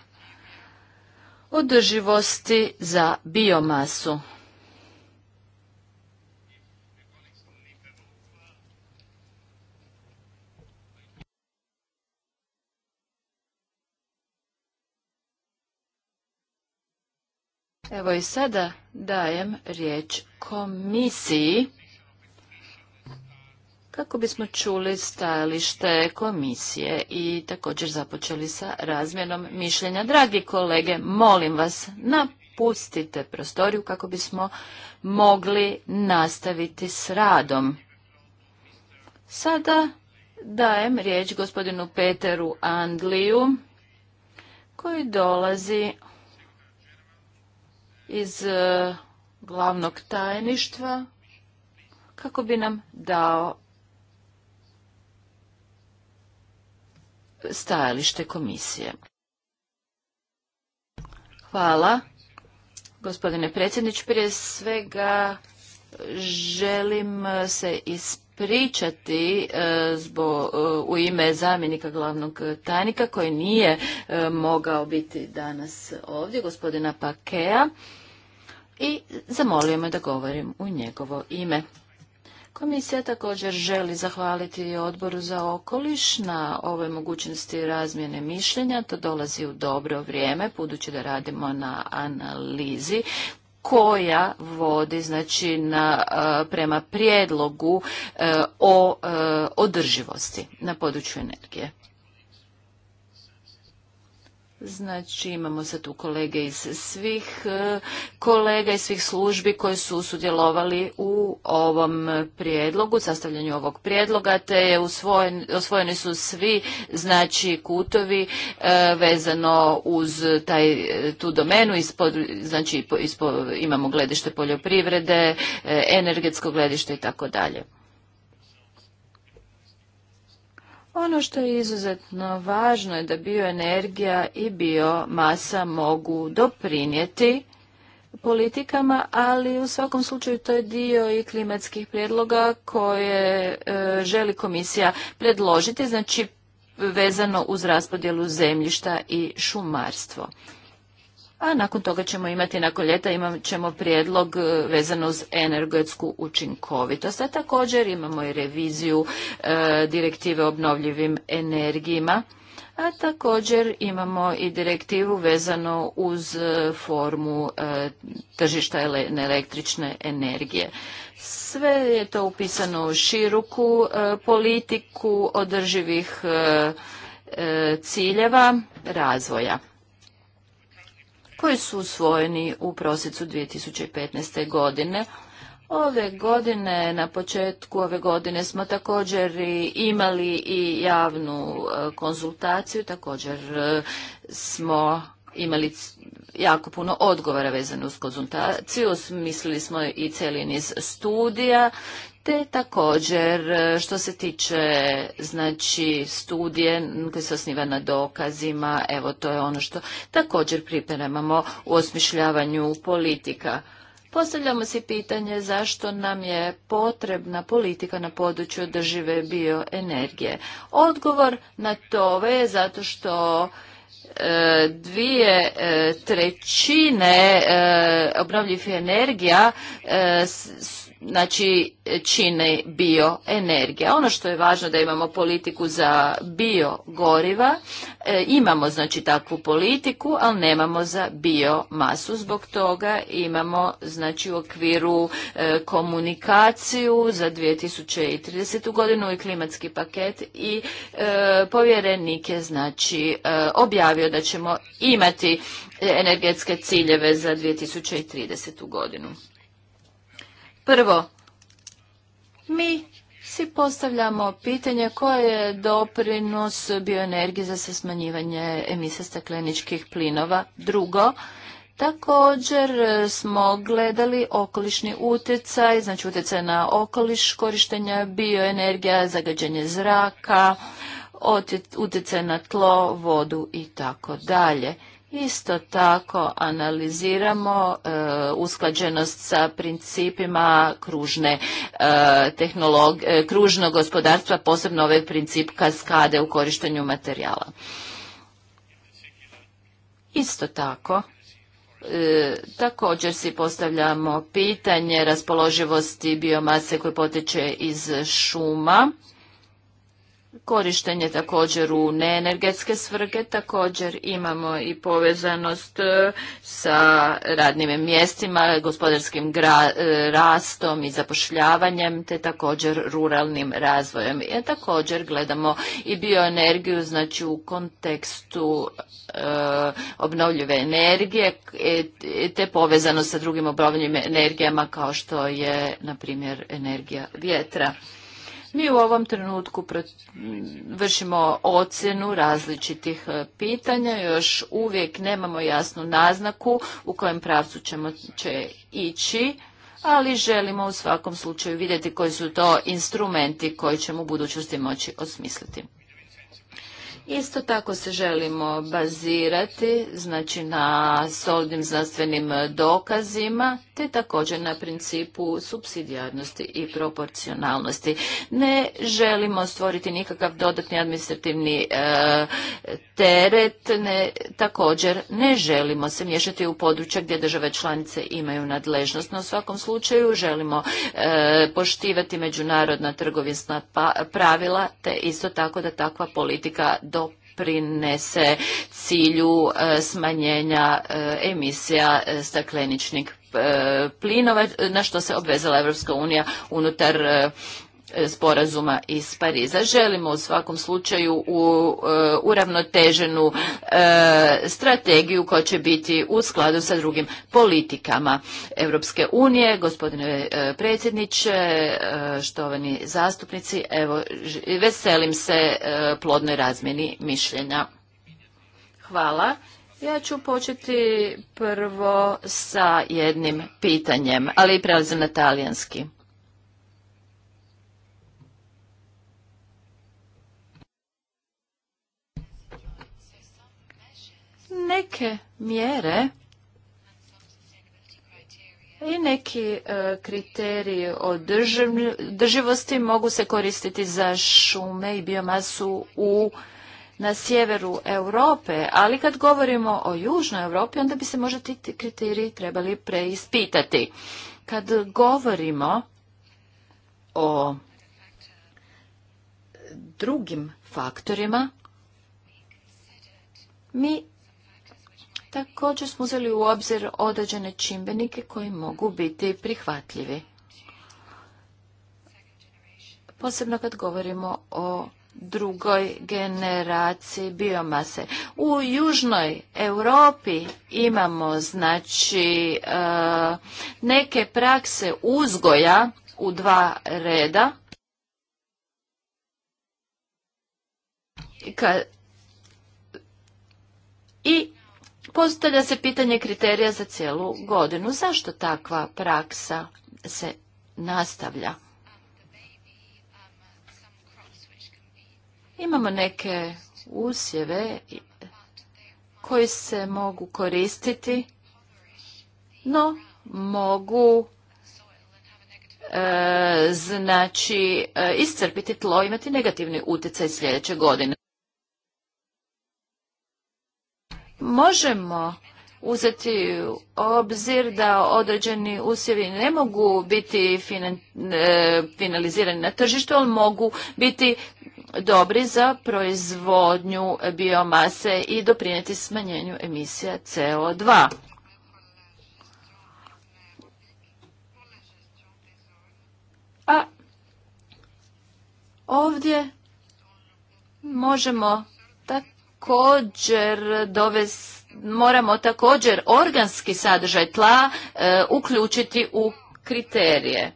održivosti za biomasu. Evo i sada dajem riječ komisiji kako bismo čuli stajalište komisije i također započeli sa razmjenom mišljenja. Dragi kolege, molim vas, napustite prostoriju kako bismo mogli nastaviti s radom. Sada dajem riječ gospodinu Peteru Andliju koji dolazi iz e, glavnog tajništva kako bi nam dao stajalište komisije. Hvala. Gospodine predsjedniče. prije svega želim se ispričati e, e, u ime zamjenika glavnog tajnika koji nije mogao biti danas ovdje, gospodina Pakea i zamolio me da govorim u njegovo ime. Komisija također želi zahvaliti odboru za okoliš na ovoj mogućnosti razmjene mišljenja. To dolazi u dobro vrijeme, budući da radimo na analizi koja vodi znači na, e, prema prijedlogu e, o e, održivosti na području energije. Znači imamo sad tu kolege iz svih e, kolega i svih službi koji su sudjelovali u ovom prijedlogu, sastavljanju ovog prijedloga, te je osvojeni su svi znači kutovi e, vezano uz taj, e, tu domenu, znači imamo gledište poljoprivrede, energetsko gledište i tako dalje. Ono što je izuzetno važno je da bioenergija i biomasa mogu doprinijeti politikama, ali u svakom slučaju to je dio i klimatskih prijedloga koje e, želi komisija predložiti, znači vezano uz raspodjelu zemljišta i šumarstvo a nakon toga ćemo imati, nakon ljeta imat ćemo prijedlog e, vezano uz energetsku učinkovitost. A također imamo i reviziju e, direktive direktive obnovljivim energijima. A također imamo i direktivu vezano uz e, formu tržišta električne energije. Sve je to upisano u široku politiku održivih ciljeva razvoja koji su usvojeni u prosincu 2015. godine. Ove godine, na početku ove godine smo također imali i javnu e, konzultaciju, također e, smo imali jako puno odgovora vezano uz konzultaciju, osmislili smo i cijeli niz studija te također e, što se tiče znači studije koje se osniva na dokazima, evo to je ono što također pripremamo u osmišljavanju politika. Postavljamo si pitanje zašto nam je potrebna politika na području održive bioenergije. Odgovor na to je zato što e, dvije e, trećine obnovljivih energija znači čine bioenergija. Ono što je važno da imamo politiku za biogoriva, e, imamo znači takvu politiku, ali nemamo za biomasu. Zbog toga imamo znači u okviru e, komunikaciju za 2030. godinu i klimatski paket i e, povjerenik je znači objavio da ćemo imati energetske ciljeve za 2030. godinu. Prvo, mi si postavljamo pitanje koje je doprinos bioenergije za smanjivanje emisija stakleničkih plinova. Drugo, Također smo gledali okolišni utjecaj, znači utjecaj na okoliš, korištenja bioenergija, zagađenje zraka, utjecaj na tlo, vodu i tako dalje. Isto tako analiziramo e, usklađenost sa principima kružne e, e, kružnog gospodarstva, posebno ovaj princip kaskade u korištenju materijala. Isto tako također si postavljamo pitanje raspoloživosti biomase koje potiče iz šuma korištenje također u neenergetske svrge, također imamo i povezanost e, sa radnim mjestima, gospodarskim e, rastom i zapošljavanjem, te također ruralnim razvojem. I također gledamo i bioenergiju, znači u kontekstu e, obnovljive energije, te povezanost sa drugim obnovljivim energijama kao što je, na primjer, energija vjetra. Mi u ovom trenutku vršimo ocjenu različitih e, pitanja, još uvijek nemamo jasnu naznaku u kojem pravcu ćemo će ići, ali želimo u svakom slučaju vidjeti koji su to instrumenti koji ćemo u budućnosti moći osmisliti. Isto tako se želimo bazirati znači na solidnim znanstvenim dokazima te također na principu subsidijarnosti i proporcionalnosti. Ne želimo stvoriti nikakav dodatni administrativni e, teret, ne, također ne želimo se miješati u područja gdje države članice imaju nadležnost. No u svakom slučaju želimo e, poštivati međunarodna trgovinska pa, pravila te isto tako da takva politika do doprinese cilju e, smanjenja e, emisija e, stakleničnih plinova na što se obvezala Europska unija unutar E, sporazuma iz Pariza. Želimo u svakom slučaju u e, uravnoteženu e, strategiju koja će biti u skladu sa drugim politikama Europske unije. Gospodine predsjedniče, štovani zastupnici, evo, veselim se plodnoj razmjeni mišljenja. Hvala. Ja ću početi prvo sa jednim pitanjem, ali prelazim na talijanski. neke mjere i neki e, kriteriji o održivosti mogu se koristiti za šume i biomasu u na sjeveru Europe, ali kad govorimo o južnoj Europi, onda bi se možda ti kriteriji trebali preispitati. Kad govorimo o drugim faktorima, mi Također smo uzeli u obzir određene čimbenike koji mogu biti prihvatljivi. Posebno kad govorimo o drugoj generaciji biomase. U južnoj Europi imamo znači e, neke prakse uzgoja u dva reda. I Postavlja se pitanje kriterija za cijelu godinu. Zašto takva praksa se nastavlja? Imamo neke usjeve koji se mogu koristiti, no mogu e, znači e, iscrpiti tlo, imati negativni utjecaj sljedeće godine. možemo uzeti u obzir da određeni usjevi ne mogu biti e, finalizirani na tržištu, ali mogu biti dobri za proizvodnju biomase i doprinijeti smanjenju emisija CO2. A ovdje možemo također doves moramo također organski sadržaj tla e, uključiti u kriterije.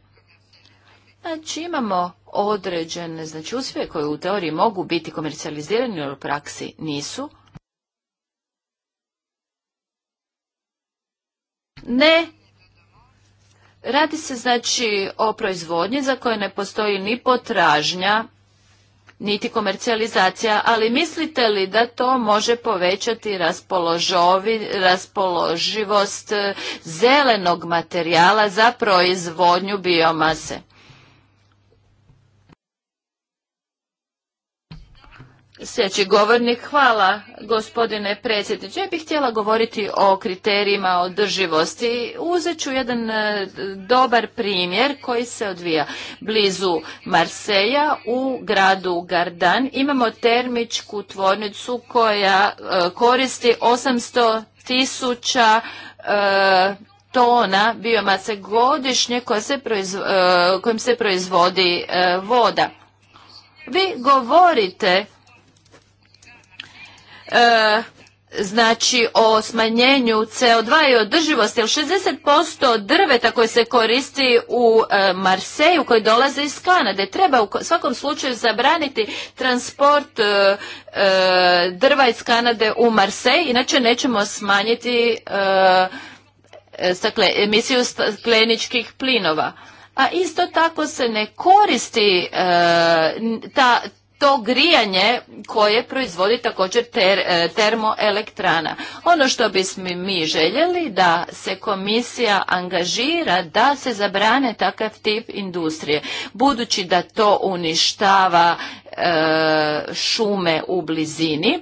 Znači imamo određene znači, uspjehe koje u teoriji mogu biti komercijalizirani, ali u praksi nisu. Ne Radi se znači o proizvodnji za koje ne postoji ni potražnja, niti komercijalizacija, ali mislite li da to može povećati raspoloživost eh, zelenog materijala za proizvodnju biomase? Sljedeći govornik, hvala gospodine predsjedniče. Ja bih htjela govoriti o kriterijima održivosti. Uzet ću jedan e, dobar primjer koji se odvija blizu Marseja u gradu Gardan. Imamo termičku tvornicu koja e, koristi 800 tisuća e, tona biomase godišnje se kojim se proizvodi voda. Vi govorite E, znači o smanjenju CO2 i održivosti, jer 60% drveta koje se koristi u e, Marseju, koji dolaze iz Kanade, treba u svakom slučaju zabraniti transport e, drva iz Kanade u Marsej, inače nećemo smanjiti emisiju skleničkih plinova. A isto tako se ne koristi ta to grijanje koje proizvodi također ter, e, termoelektrana. Ono što bismo mi željeli da se komisija angažira da se zabrane takav tip industrije, budući da to uništava e, šume u blizini.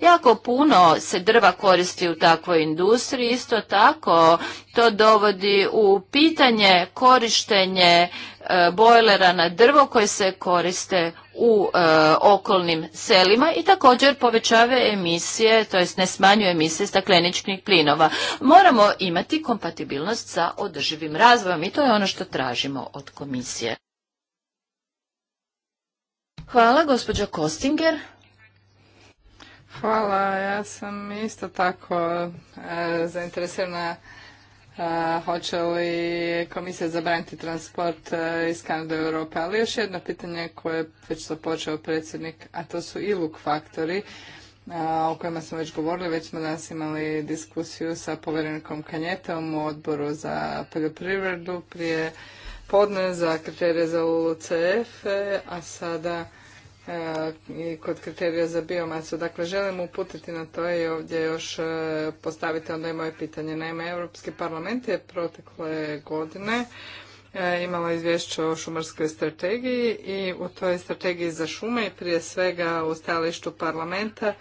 Jako puno se drva koristi u takvoj industriji, isto tako to dovodi u pitanje korištenje E, bojlera na drvo koje se koriste u e, okolnim selima i također povećava emisije, to jest ne smanjuje emisije stakleničkih plinova. Moramo imati kompatibilnost sa održivim razvojem i to je ono što tražimo od komisije. Hvala, gospođo Kostinger. Hvala, ja sam isto tako e, zainteresirana hoće li komisija zabraniti transport e, iz Kanada i Europe. Ali još jedno pitanje koje je već počeo predsjednik, a to su iluk faktori e, o kojima smo već govorili. Već smo danas imali diskusiju sa povjerenikom Kanjetom u odboru za poljoprivredu prije podne za kriterije za UCF, e, a sada E, i kod kriterija za biomasu. Dakle, želim uputiti na to i ovdje još e, postaviti onda i moje pitanje. Naime, Europski parlament je protekle godine e, imala izvješće o šumarskoj strategiji i u toj strategiji za šume i prije svega u stajalištu parlamenta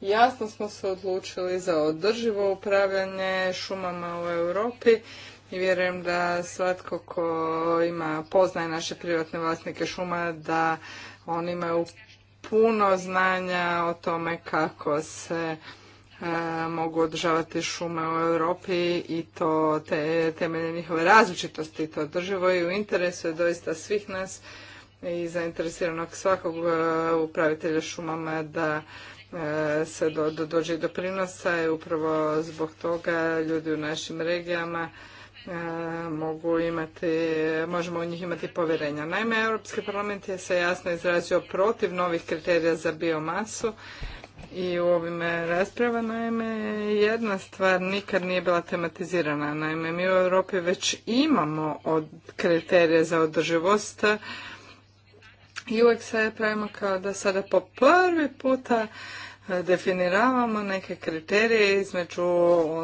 jasno smo se odlučili za održivo upravljanje šumama u Europi i vjerujem da svatko ko ima, poznaje naše privatne vlasnike šuma da oni imaju puno znanja o tome kako se e, mogu održavati šume u Europi i to te, temelje njihove različitosti to održivo i u interesu je doista svih nas i zainteresiranog svakog e, upravitelja šumama da e, se dođe do prinosa i upravo zbog toga ljudi u našim regijama E, mogu imati, možemo u njih imati povjerenja. Naime, Europski parlament je se jasno izrazio protiv novih kriterija za biomasu i u ovim rasprava, naime, jedna stvar nikad nije bila tematizirana. Naime, mi u Europi već imamo od kriterije za održivost i uvijek se pravimo kao da sada po prvi puta definiravamo neke kriterije između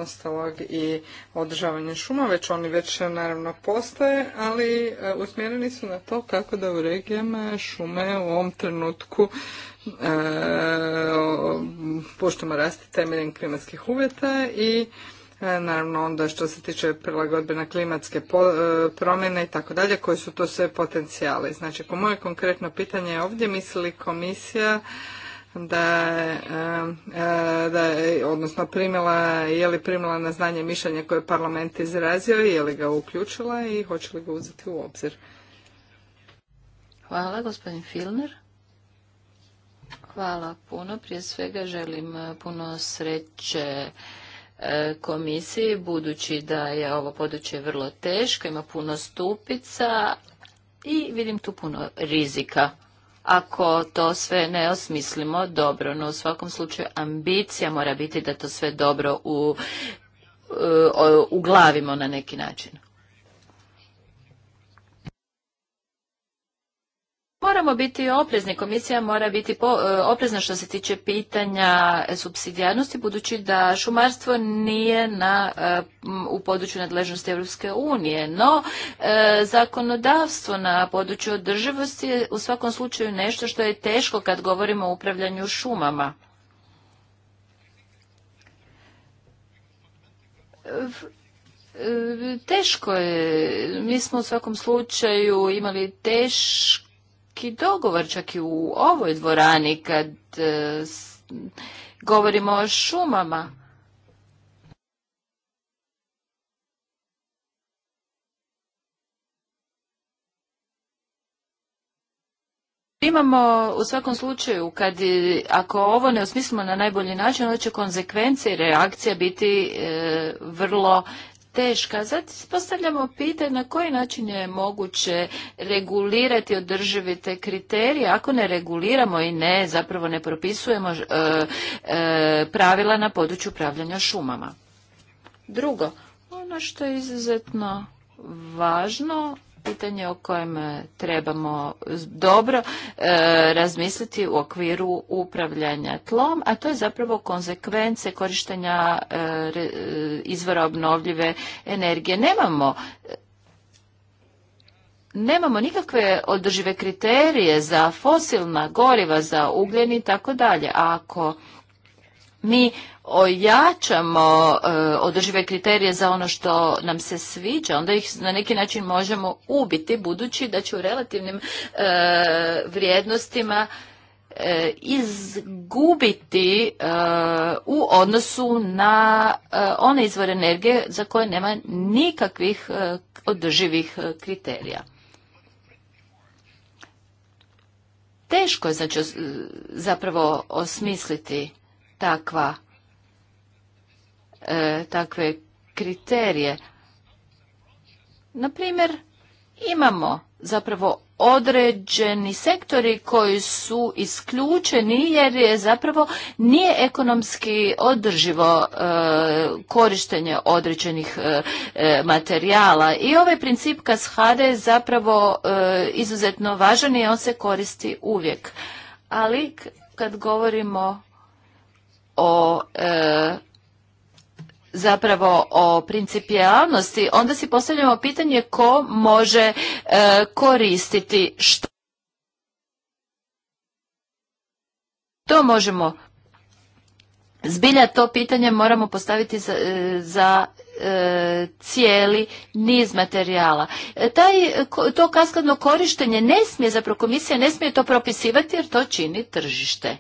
ostalog i održavanja šuma, već oni već naravno postoje, ali e, usmjereni su na to kako da u regijama šume u ovom trenutku e, rasti temeljem klimatskih uvjeta i e, naravno onda što se tiče prilagodbe na klimatske e, promjene i tako dalje, koji su to sve potencijali. Znači, po moje konkretno pitanje je ovdje misli komisija da, eh, da je, odnosno primila, je li primila na znanje mišljenja koje je parlament izrazio je li ga uključila i hoće li ga uzeti u obzir. Hvala, gospodin Filner. Hvala puno. Prije svega želim eh, puno sreće eh, komisiji, budući da je ovo područje vrlo teško, ima puno stupica i vidim tu puno rizika ako to sve ne osmislimo dobro. No u svakom slučaju ambicija mora biti da to sve dobro u, u, e, uglavimo na neki način. Moramo biti oprezni, komisija mora biti e, oprezna što se tiče pitanja subsidijarnosti, budući da šumarstvo nije e, u području nadležnosti Europske unije, no e, zakonodavstvo na području održivosti je u svakom slučaju nešto što je teško kad govorimo o upravljanju šumama. Teško je, mi smo u svakom slučaju imali teško dogovor čak i u ovoj dvorani kad e, govorimo o šumama. Imamo u svakom slučaju, kad, ako ovo ne osmislimo na najbolji način, onda će konsekvencije i reakcija biti e, vrlo teška. Zato postavljamo pitanje na koji način je moguće regulirati održivi kriterije ako ne reguliramo i ne zapravo ne propisujemo e, e, pravila na području upravljanja šumama. Drugo, ono što je izuzetno važno pitanje o kojem e, trebamo dobro e, razmisliti u okviru upravljanja tlom, a to je zapravo konsekvence korištenja e, izvora obnovljive energije. Nemamo nemamo nikakve održive kriterije za fosilna goriva, za ugljen i tako dalje. Ako mi ojačamo e, održive kriterije za ono što nam se sviđa, onda ih na neki način možemo ubiti budući da će u relativnim e, vrijednostima e, izgubiti u odnosu na one izvore energije za koje nema nikakvih održivih kriterija. Teško je znači zapravo osmisliti takva E, takve kriterije. Na imamo zapravo određeni sektori koji su isključeni jer je zapravo nije ekonomski održivo e, korištenje određenih e, materijala i ovaj princip kaskade je zapravo izuzetno važan i on se koristi uvijek ali kad govorimo o zapravo o principijalnosti, onda si postavljamo pitanje ko može e, koristiti što. To možemo Zbilja to pitanje moramo postaviti za, e, e, cijeli niz materijala. taj, to kaskadno korištenje ne smije, zapravo komisija ne smije to propisivati jer to čini tržište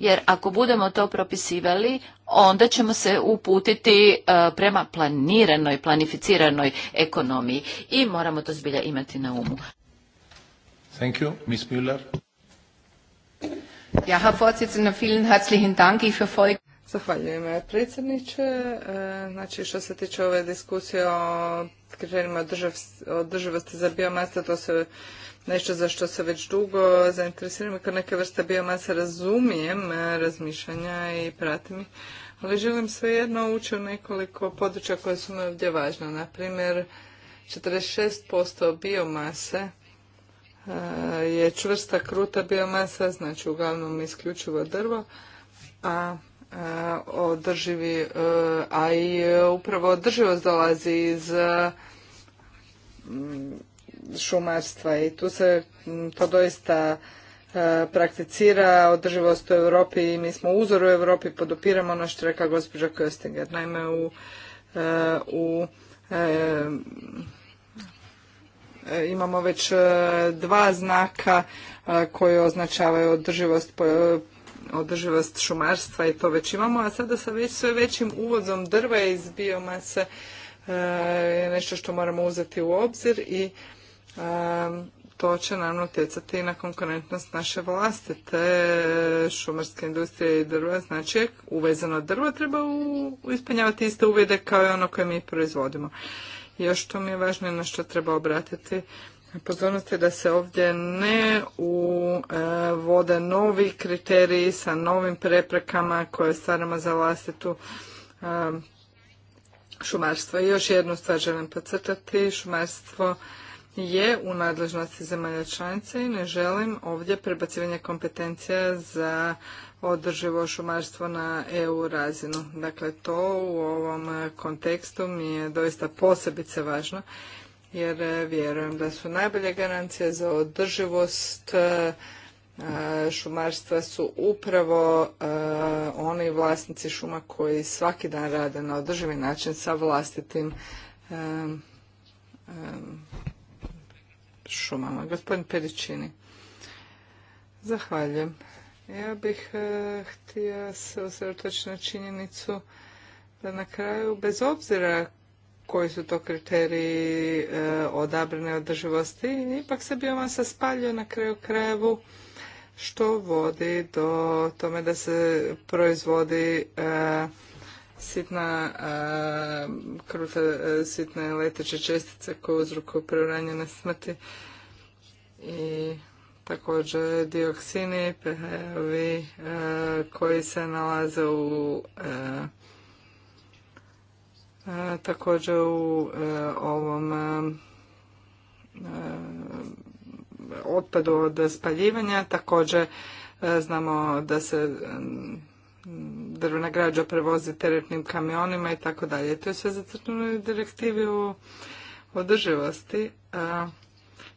jer ako budemo to propisivali, onda ćemo se uputiti e, prema planiranoj, planificiranoj ekonomiji i moramo to zbilja imati na umu. Thank you, Ms. Müller. Ja, vielen herzlichen Dank. Zahvaljujem e, predsjedniče. E, znači što se tiče ove diskusije o kriterijima održivosti za biomasa, to se nešto za što se već dugo zainteresiram i kao neke vrste biomasa razumijem e, razmišljanja i pratim ih. Ali želim svejedno ući u nekoliko područja koje su mi ovdje važna. Naprimjer, 46% biomase e, je čvrsta kruta biomasa, znači uglavnom isključivo drvo, a e, održivi, a i upravo održivost dolazi iz šumarstva i tu se mm, to doista e, prakticira održivost u Europi i mi smo uzor u Europi, podupiramo ono što reka gospođa Köstinger. Naime, u, e, u e, imamo već dva znaka koje označavaju održivost održivost šumarstva i to već imamo, a sada sa već sve većim uvozom drva iz biomase je nešto što moramo uzeti u obzir i to će naravno utjecati i na konkurentnost naše vlastite šumarske industrije i drva. Znači, uvezano drvo treba ispunjavati iste uvjede kao i ono koje mi proizvodimo. Još to mi je važno na što treba obratiti pozornost je da se ovdje ne uvode e, novi kriteriji sa novim preprekama koje stvaramo za vlastitu e, šumarstvo. I još jednu stvar želim podcrtati. Šumarstvo je u nadležnosti zemalja članica i ne želim ovdje prebacivanje kompetencija za održivo šumarstvo na EU razinu. Dakle, to u ovom kontekstu mi je doista posebice važno jer vjerujem da su najbolje garancije za održivost e, šumarstva su upravo e, oni vlasnici šuma koji svaki dan rade na održivi način sa vlastitim e, šumama. Gospodin Peričini. Zahvaljujem. Ja bih e, htio se osvrtoći na činjenicu da na kraju, bez obzira koji su to kriteriji e, odabrane održivosti, ipak se biomasa spaljuje na kraju krajevu što vodi do tome da se proizvodi e, sitna eh, eh, sitne leteće čestice koje uzrokuje preuranjene smrti i također dioksini, PHV eh, koji se nalaze u također u ovom otpadu od spaljivanja. Također znamo da se drvena građa prevozi teretnim kamionima i tako dalje. To je sve zacrtano u direktivi o održivosti.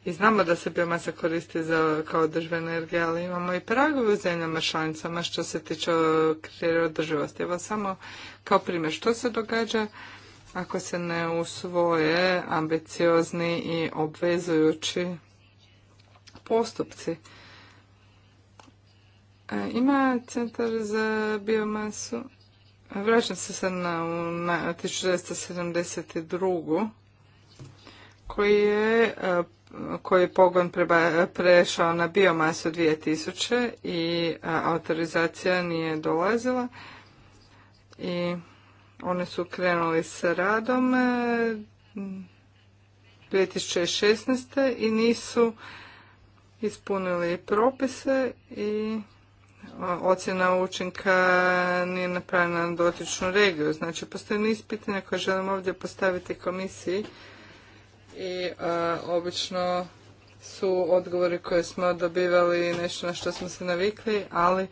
I znamo da se biomasa koristi za, kao održiva energija, ali imamo i pragove u zemljama članicama što se tiče kriterija održivosti. Evo samo kao primjer što se događa ako se ne usvoje ambiciozni i obvezujući postupci E, ima centar za biomasu. E, vraćam se sad na, na 1972. koji je e, koji pogon prešao na biomasu 2000 i autorizacija nije dolazila i oni su krenuli sa radom 2016. i nisu ispunili propise i ocjena učinka nije napravljena na dotičnu regiju. Znači, postoji niz pitanja koje želim ovdje postaviti komisiji i e, obično su odgovori koje smo dobivali nešto na što smo se navikli, ali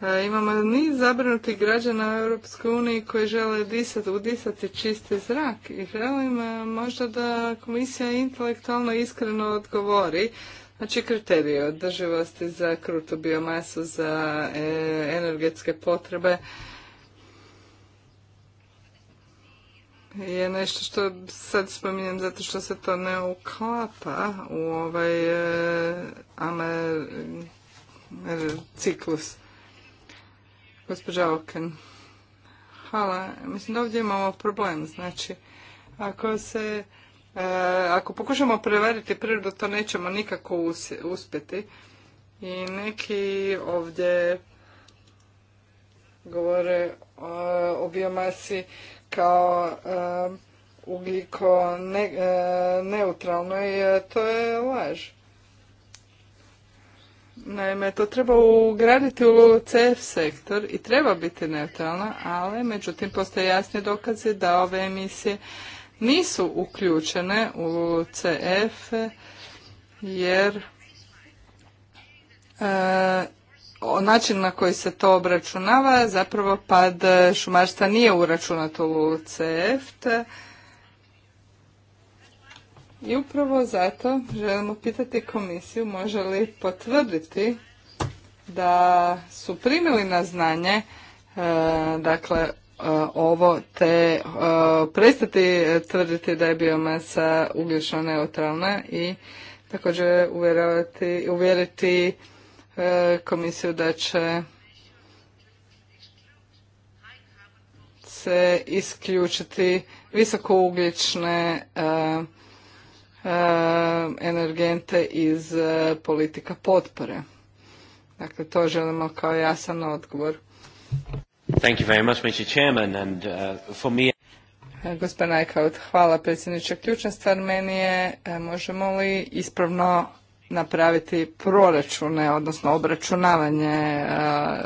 e, imamo niz zabrinutih građana u Europskoj koji žele disati, udisati čisti zrak i želim e, možda da komisija intelektualno iskreno odgovori Znači kriterije održivosti za krutu biomasu, za e, energetske potrebe je nešto što sad spominjem zato što se to ne uklapa u ovaj e, e, ciklus. Gospođa Oken. Hvala. Mislim da ovdje imamo problem. Znači, ako se E, ako pokušamo prevariti prirodu, to nećemo nikako uspjeti. I neki ovdje govore e, o biomasi kao e, ugljiko ne, neutralnoj, to je laž. Naime, to treba ugraditi u CF sektor i treba biti neutralna, ali međutim postoje jasni dokazi da ove emisije nisu uključene u CF jer e, način na koji se to obračunava zapravo pad šumarstva nije uračunato u CF te i upravo zato želimo pitati komisiju može li potvrditi da su primili na znanje e, dakle ovo te prestati tvrditi da je biomasa ugljično neutralna i također uvjeriti e, komisiju da će se isključiti visokougljične e, e, energente iz politika potpore. Dakle, to želimo kao jasan odgovor. Thank you very uh, e, hvala predsjedniče. Ključna stvar meni je e, možemo li ispravno napraviti proračune, odnosno obračunavanje e,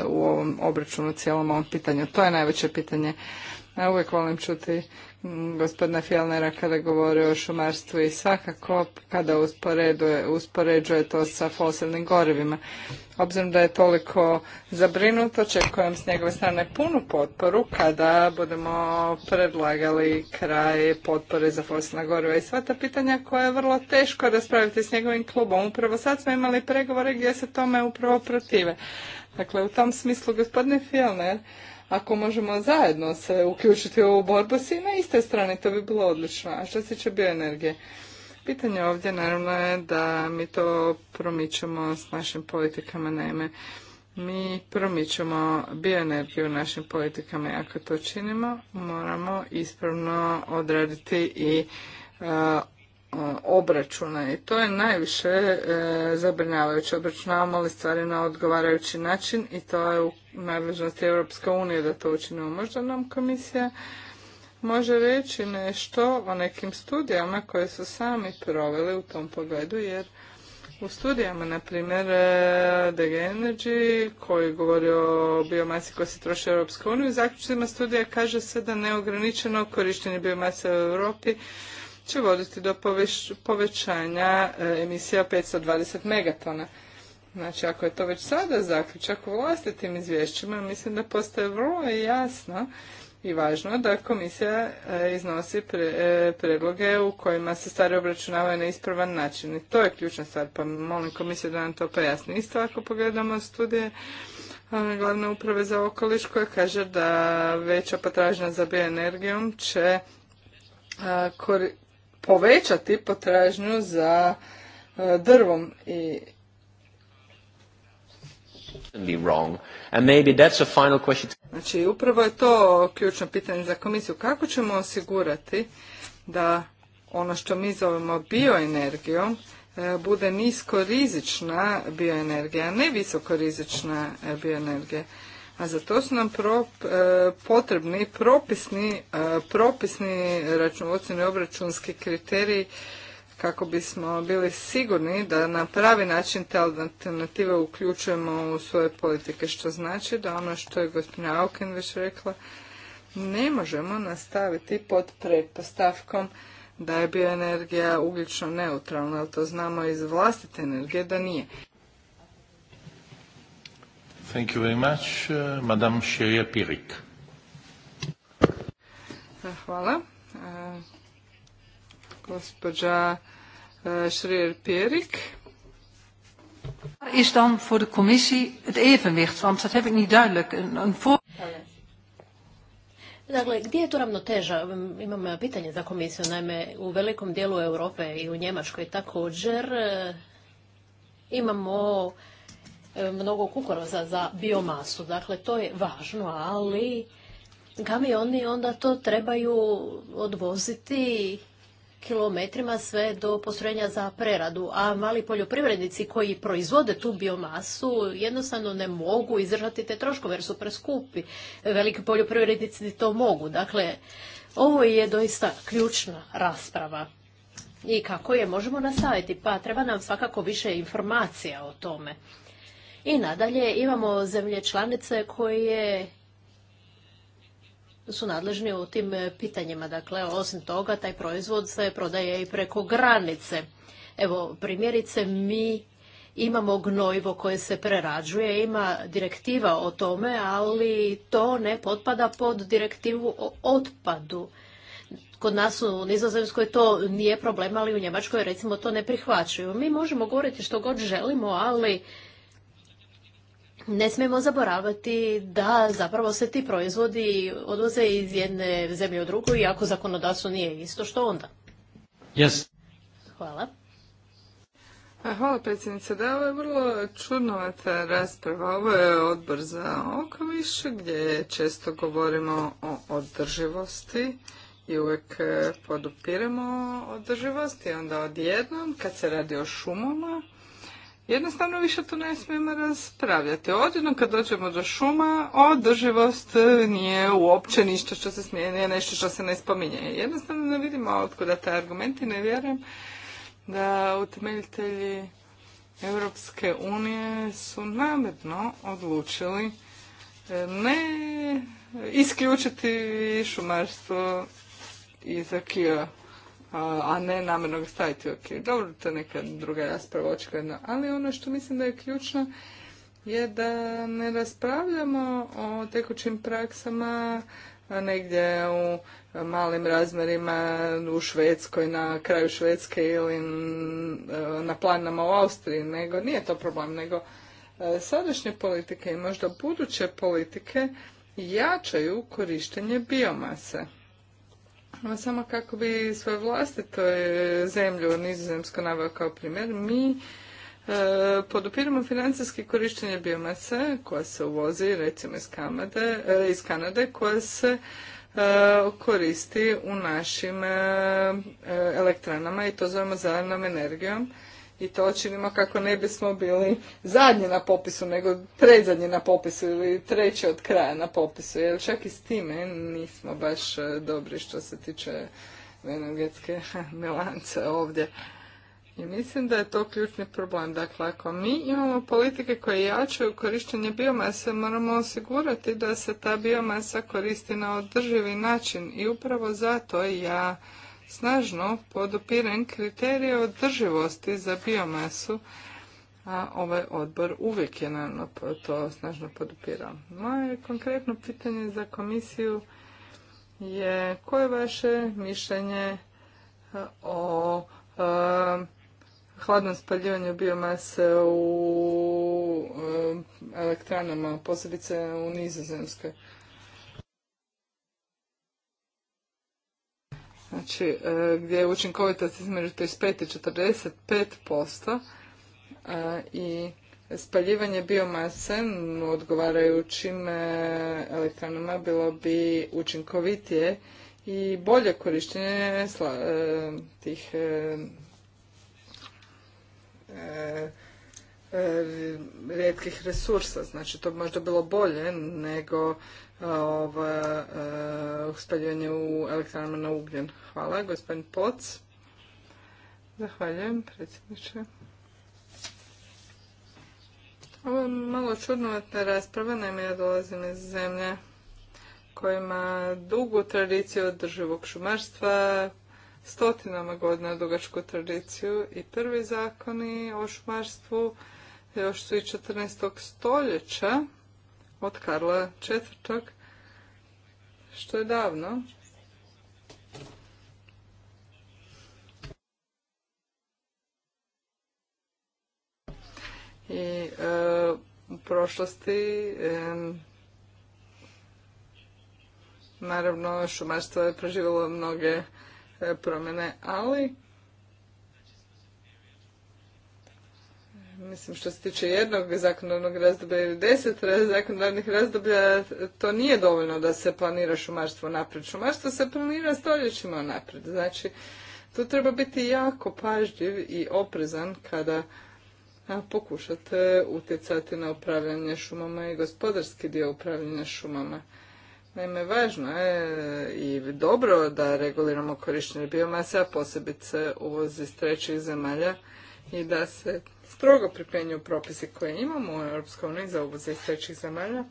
u ovom obračunu cijelom ovom pitanju. To je najveće pitanje. Ja uvijek volim čuti mm, gospodina Fjelnera kada govori o šumarstvu i svakako kada uspoređuje to sa fosilnim gorivima. Obzirom da je toliko zabrinuto, očekujem s njegove strane punu potporu kada budemo predlagali kraj potpore za fosilna goriva i sva ta pitanja koja je vrlo teško raspraviti s njegovim klubom. Upravo sad smo imali pregovore gdje se tome upravo protive. Dakle, u tom smislu, gospodine Fjelner, ako možemo zajedno se uključiti u ovu borbu svi na iste strane, to bi bilo odlično. A što se tiče bioenergije? Pitanje ovdje naravno je da mi to promičemo s našim politikama, naime mi promičemo bioenergiju u našim politikama i ako to činimo moramo ispravno odraditi i e, E, obračuna i to je najviše e, zabrinjavajuće. Obračunavamo li stvari na odgovarajući način i to je u nadležnosti Europske unije da to učinimo. Možda nam komisija može reći nešto o nekim studijama koje su sami proveli u tom pogledu jer u studijama, na primjer, e, DG Energy koji govori o biomasi koja se troši u Europskoj uniji, u zaključcima studija kaže se da neograničeno korištenje biomasa u Europi će voditi do povećanja e, emisija 520 megatona. Znači, ako je to već sada zaključak u vlastitim izvješćima, mislim da postaje vrlo jasno i važno da komisija e, iznosi e, predloge u kojima se stvari obračunavaju na ispravan način. I to je ključna stvar, pa molim komisiju da nam to pojasni. Isto ako pogledamo studije glavne uprave za okoliš koja kaže da veća potražnja za bioenergijom će povećati potražnju za e, drvom i Znači, upravo je to ključno pitanje za komisiju. Kako ćemo osigurati da ono što mi zovemo bioenergijom e, bude niskorizična bioenergija, ne visokorizična e, bioenergija a za to su nam e, potrebni propisni, e, propisni računovodstveni obračunski kriteriji kako bismo bili sigurni da na pravi način te alternative uključujemo u svoje politike, što znači da ono što je gospođa Auken već rekla, ne možemo nastaviti pod pretpostavkom da je energija ugljično neutralna, ali to znamo iz vlastite energije da nije. Thank you very much. Uh, Madame Pirik. Hvala. Uh, gospođa Schreier uh, Perik. Is dan voor de commissie het evenwicht? Want dat heb ik niet duidelijk. Een, een voor... Dakle, gdje je tu ravnoteža? Um, imam pitanje za komisiju. Naime, u velikom dijelu Europe i u Njemačkoj također imamo E, mnogo kukuruza za biomasu. Dakle, to je važno, ali kamioni onda to trebaju odvoziti kilometrima sve do postrojenja za preradu, a mali poljoprivrednici koji proizvode tu biomasu jednostavno ne mogu izdržati te troškove jer su preskupi. Veliki poljoprivrednici to mogu. Dakle, ovo je doista ključna rasprava. I kako je možemo nastaviti? Pa treba nam svakako više informacija o tome. I nadalje imamo zemlje članice koje su nadležni u tim pitanjima. Dakle, osim toga, taj proizvod se prodaje i preko granice. Evo, primjerice, mi imamo gnojivo koje se prerađuje, ima direktiva o tome, ali to ne potpada pod direktivu o otpadu. Kod nas u Nizozemskoj to nije problem, ali u Njemačkoj recimo to ne prihvaćaju. Mi možemo govoriti što god želimo, ali ne smijemo zaboraviti da zapravo se ti proizvodi odvoze iz jedne zemlje u drugu i ako zakonodavstvo nije isto, što onda? Hvala. Hvala predsjednice. Da, ovo je vrlo čudnovata rasprava. Ovo je odbor za okoliš gdje često govorimo o održivosti i uvijek eh, podupiramo održivosti. i onda odjednom kad se radi o šumama Jednostavno više tu ne smijemo raspravljati. Odjedno kad dođemo do šuma, održivost e, nije uopće ništa što se smije, nije nešto što se ne spominje. Jednostavno ne vidimo otkuda te argumenti. ne vjerujem da utemeljitelji Europske unije su namjerno odlučili e, ne isključiti šumarstvo iz Akija a ne namjerno ga staviti u okvir. Dobro, to je neka druga rasprava očigledno, ali ono što mislim da je ključno je da ne raspravljamo o tekućim praksama negdje u malim razmerima u Švedskoj, na kraju Švedske ili e, na planama u Austriji, nego nije to problem, nego e, sadašnje politike i možda buduće politike jačaju korištenje biomase samo kako bi svoje je zemlju nizozemsko naveo kao primjer, mi e, podupiramo financijski korištenje biomase koja se uvozi recimo iz, Kamade, e, iz Kanade koja se e, koristi u našim e, elektranama i to zovemo zelenom energijom i to činimo kako ne bismo bili zadnji na popisu, nego predzadnji na popisu ili treći od kraja na popisu, jer čak i s time nismo baš e, dobri što se tiče energetske melance *laughs* ovdje. I mislim da je to ključni problem. Dakle, ako mi imamo politike koje jačaju korištenje biomase, moramo osigurati da se ta biomasa koristi na održivi način. I upravo zato ja snažno podupirem kriterije održivosti za biomasu, a ovaj odbor uvijek je naravno to snažno podupirao. Moje konkretno pitanje za komisiju je koje je vaše mišljenje o hladnom spaljivanju biomase u elektranama, posebice u Nizozemskoj. Znači, e, gdje je učinkovitost između 35 i 45% e, i spaljivanje biomase odgovarajućim e, elektranama bilo bi učinkovitije i bolje korištenje tih rijetkih resursa. Znači, to bi možda bilo bolje nego ova e, spaljivanje u elektranama na ugljen. Hvala. Gospodin Poc. Zahvaljujem, predsjedniče. Ovo je malo čudnovatna rasprava, naime ja dolazim iz zemlje koja ima dugu tradiciju održivog šumarstva, stotinama godina dugačku tradiciju i prvi zakoni o šumarstvu još su i 14. stoljeća od Karla IV. što je davno. I e, u prošlosti e, naravno šumarstvo je preživjelo mnoge e, promjene, ali mislim što se tiče jednog zakonodavnog razdoblja ili deset zakonodavnih razdoblja, to nije dovoljno da se planira šumarstvo napred. Šumarstvo se planira stoljećima napred. Znači, tu treba biti jako pažljiv i oprezan kada pokušate utjecati na upravljanje šumama i gospodarski dio upravljanja šumama. Naime, važno je e, i dobro da reguliramo korištenje biomase, a posebice uvoz iz trećih zemalja i da se strogo pripremljuju propisi koje imamo u EU za uvoze iz trećih zemalja.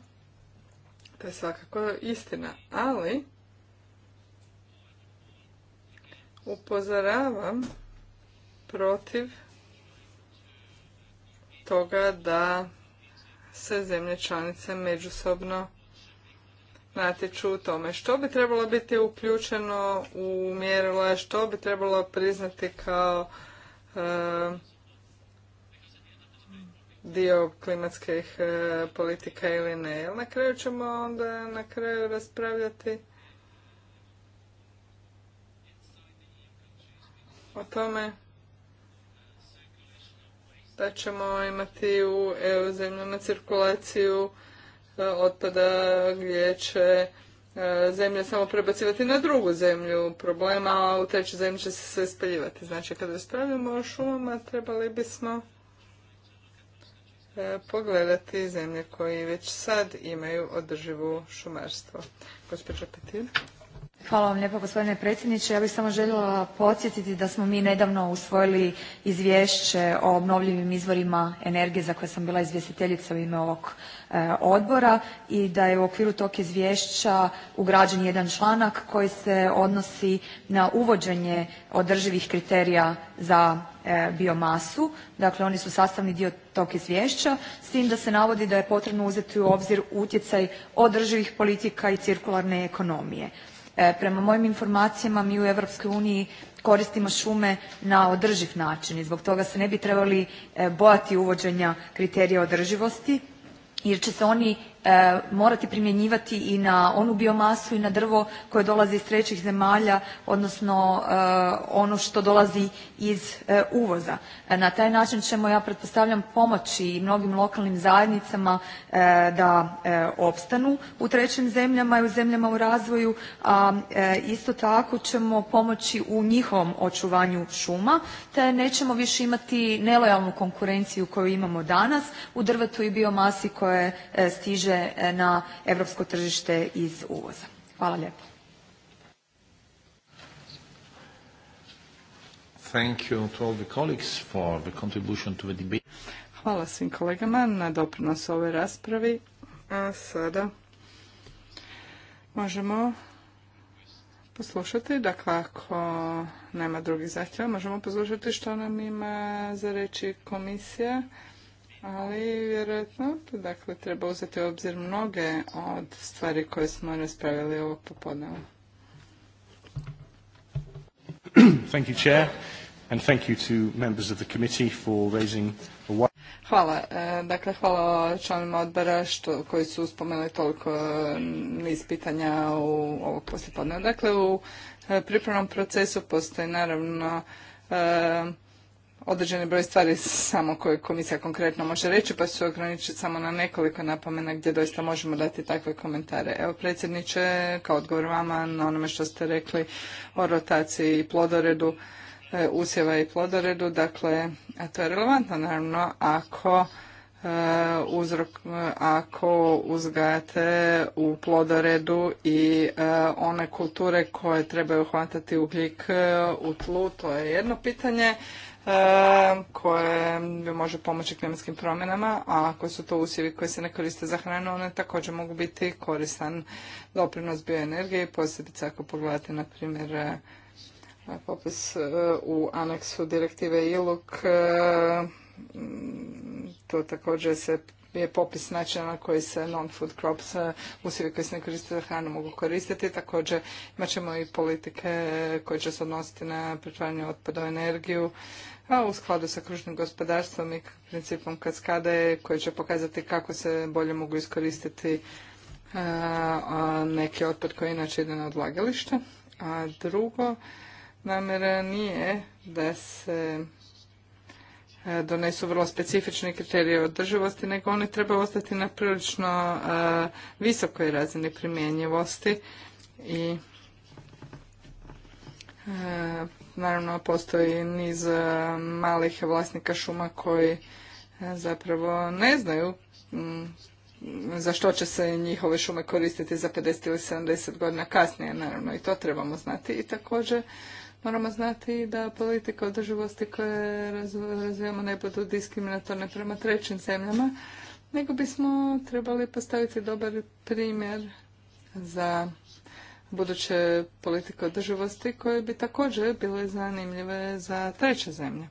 To je svakako istina, ali upozoravam protiv toga da se zemlje članice međusobno natječu u tome što bi trebalo biti uključeno u mjerila, što bi trebalo priznati kao e, dio klimatskih e, politika ili ne. Jer na kraju ćemo onda na kraju raspravljati o tome da ćemo imati u EU na cirkulaciju e, otpada gdje će e, zemlje samo prebacivati na drugu zemlju problema, a u trećoj zemlji će se sve spaljivati. Znači, kada raspravljamo o šumama, trebali bismo E, pogledati zemlje koje već sad imaju održivo šumarstvo. Gospođa Petir. Hvala vam lijepo gospodine predsjedniče. Ja bih samo željela podsjetiti da smo mi nedavno usvojili izvješće o obnovljivim izvorima energije za koje sam bila izvjestiteljica u ime ovog eh, odbora i da je u okviru tog izvješća ugrađen jedan članak koji se odnosi na uvođenje održivih kriterija za eh, biomasu. Dakle, oni su sastavni dio tog izvješća s tim da se navodi da je potrebno uzeti u obzir utjecaj održivih politika i cirkularne ekonomije. E, prema mojim informacijama mi u Europskoj uniji koristimo šume na održiv način i zbog toga se ne bi trebali e, bojati uvođenja kriterija održivosti jer će se oni E, morati primjenjivati i na onu biomasu i na drvo koje dolazi iz trećih zemalja odnosno e, ono što dolazi iz e, uvoza. Na taj način ćemo ja pretpostavljam pomoći i mnogim lokalnim zajednicama da opstanu u trećim zemljama i u zemljama u razvoju, a isto tako ćemo pomoći u njihovom očuvanju šuma te nećemo više imati nelojalnu konkurenciju koju imamo danas u drvetu i biomasi koje stiže E, na europsko tržište iz uvoza. Hvala lijepo. Hvala svim kolegama na doprinos ovoj raspravi. A sada možemo poslušati, dakle ako nema drugih zahtjeva, možemo poslušati što nam ima za reći komisija ali vjerojatno dakle, treba uzeti u obzir mnoge od stvari koje smo raspravili ovog popodneva. *clears throat* Thank you, Chair, and thank you to members of the committee for raising a Hvala. E, dakle, hvala članima odbora što, koji su spomenuli toliko niz pitanja u ovog poslijepodneva. Dakle, u e, pripremnom procesu postoji naravno e, određeni broj stvari samo koje komisija konkretno može reći, pa se ograničiti samo na nekoliko napomena gdje doista možemo dati takve komentare. Evo, predsjedniče, kao odgovor vama na onome što ste rekli o rotaciji i plodoredu, e, usjeva i plodoredu, dakle, a to je relevantno, naravno, ako E, uzrok ako uzgajate u plodoredu i e, one kulture koje trebaju hvatati ugljik e, u tlu, to je jedno pitanje koje može pomoći klimatskim promjenama, a ako su to usjevi koji se ne koriste za hranu, one također mogu biti koristan doprinos bioenergije, posebice ako pogledate, na primjer, popis u aneksu direktive ILUK to također se je popis načina na koji se non-food crops, e, usjevi koji se ne koriste za hranu mogu koristiti. Također imat ćemo i politike koje će se odnositi na pretvaranje otpada u energiju, a u skladu sa kružnim gospodarstvom i principom kaskade koji će pokazati kako se bolje mogu iskoristiti e, neki otpad koji inače ide na odlagalište. A drugo, namjera nije da se E, donesu vrlo specifične kriterije održivosti, nego oni trebaju ostati na prilično e, visokoj razini primjenjivosti i e, naravno postoji niz malih vlasnika šuma koji zapravo ne znaju za što će se njihove šume koristiti za 50 ili 70 godina kasnije, naravno i to trebamo znati. I također Moramo znati da politika održivosti koje razvijamo ne budu diskriminatorne prema trećim zemljama, nego bismo trebali postaviti dobar primjer za buduće politike održivosti koje bi također bile zanimljive za treće zemlje.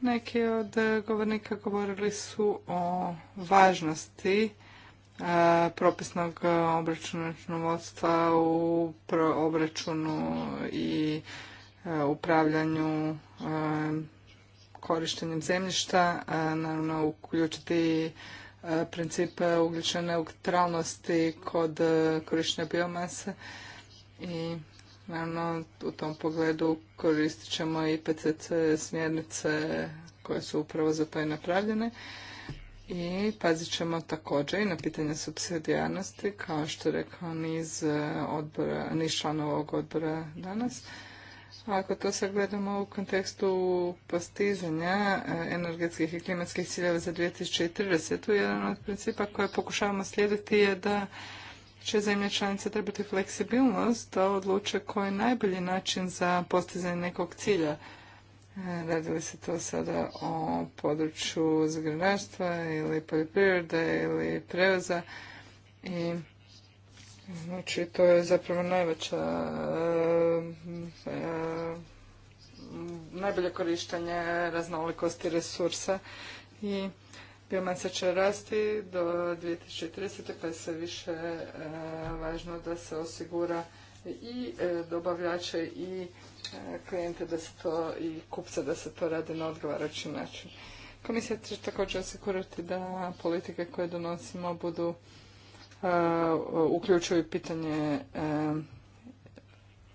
Neki od govornika govorili su o važnosti E, propisnog e, obračuna računovodstva u obračunu i e, upravljanju korištenjem zemljišta, naravno uključiti princip ugljične neutralnosti kod korištenja biomase i naravno u tom pogledu koristit ćemo i PCC smjernice koje su upravo za to i napravljene. I pazit ćemo također i na pitanje subsidijarnosti, kao što je rekao niz, e, odbora, niz članova ovog odbora danas. Ako to gledamo u kontekstu postizanja e, energetskih i klimatskih ciljeva za 2030. jedan od principa koje pokušavamo slijediti je da će zemlje članice trebati fleksibilnost da odluče koji je najbolji način za postizanje nekog cilja Radili se to sada o području zagranarstva ili poljoprivrede ili prevoza i znači to je zapravo najveća e, najbolje korištenje raznolikosti resursa i biomasa će rasti do 2030. pa je sve više e, važno da se osigura i e, dobavljače i E, klijente da se to i kupca da se to radi na odgovarajući način. Komisija će također osigurati da politike koje donosimo budu e, uključuju pitanje e,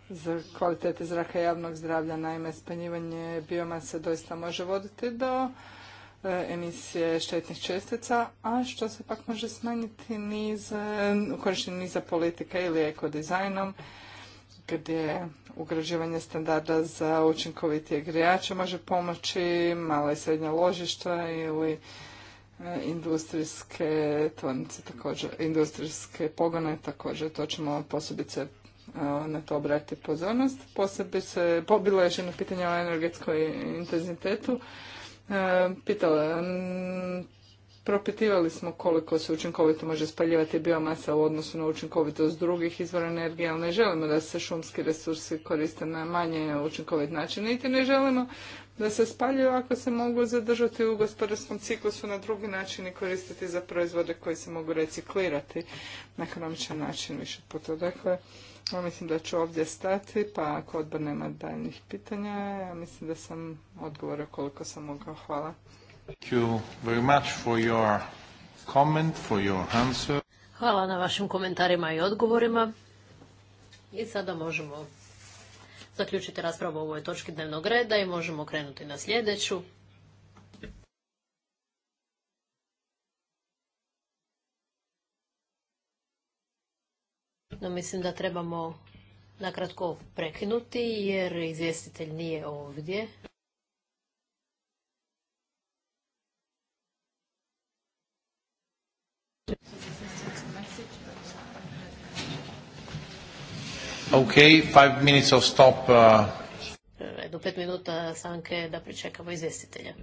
za kvalitete zraka javnog zdravlja, naime spanjivanje biomase doista može voditi do emisije štetnih čestica, a što se pak može smanjiti niz, korištenje niza politika ili ekodizajnom, gdje ugrađivanje standarda za učinkovitije grijače može pomoći, mala i srednja ložišta ili e, industrijske tvornice također, industrijske pogone također, to ćemo posebice e, na to obratiti pozornost. Posebice, bilo je još jedno pitanje o energetskoj intenzitetu. E, pitala, Propitivali smo koliko se učinkovito može spaljivati biomasa u odnosu na učinkovitost drugih izvora energije, ali ne želimo da se šumski resursi koriste na manje učinkovit način, niti ne želimo da se spaljuju ako se mogu zadržati u gospodarskom ciklusu na drugi način i koristiti za proizvode koji se mogu reciklirati na ekonomičan način više puta. Dakle, ja mislim da ću ovdje stati, pa ako odbor nema daljnih pitanja, ja mislim da sam odgovorio koliko sam mogao. Hvala. Hvala na vašim komentarima i odgovorima. I sada možemo zaključiti raspravu o ovoj točki dnevnog reda i možemo krenuti na sljedeću. No, mislim da trebamo nakratko prekinuti jer izvjestitelj nije ovdje. Okay, five minutes of stop. Uh, Do pet minuta stanke da pričekamo izvjestitelja.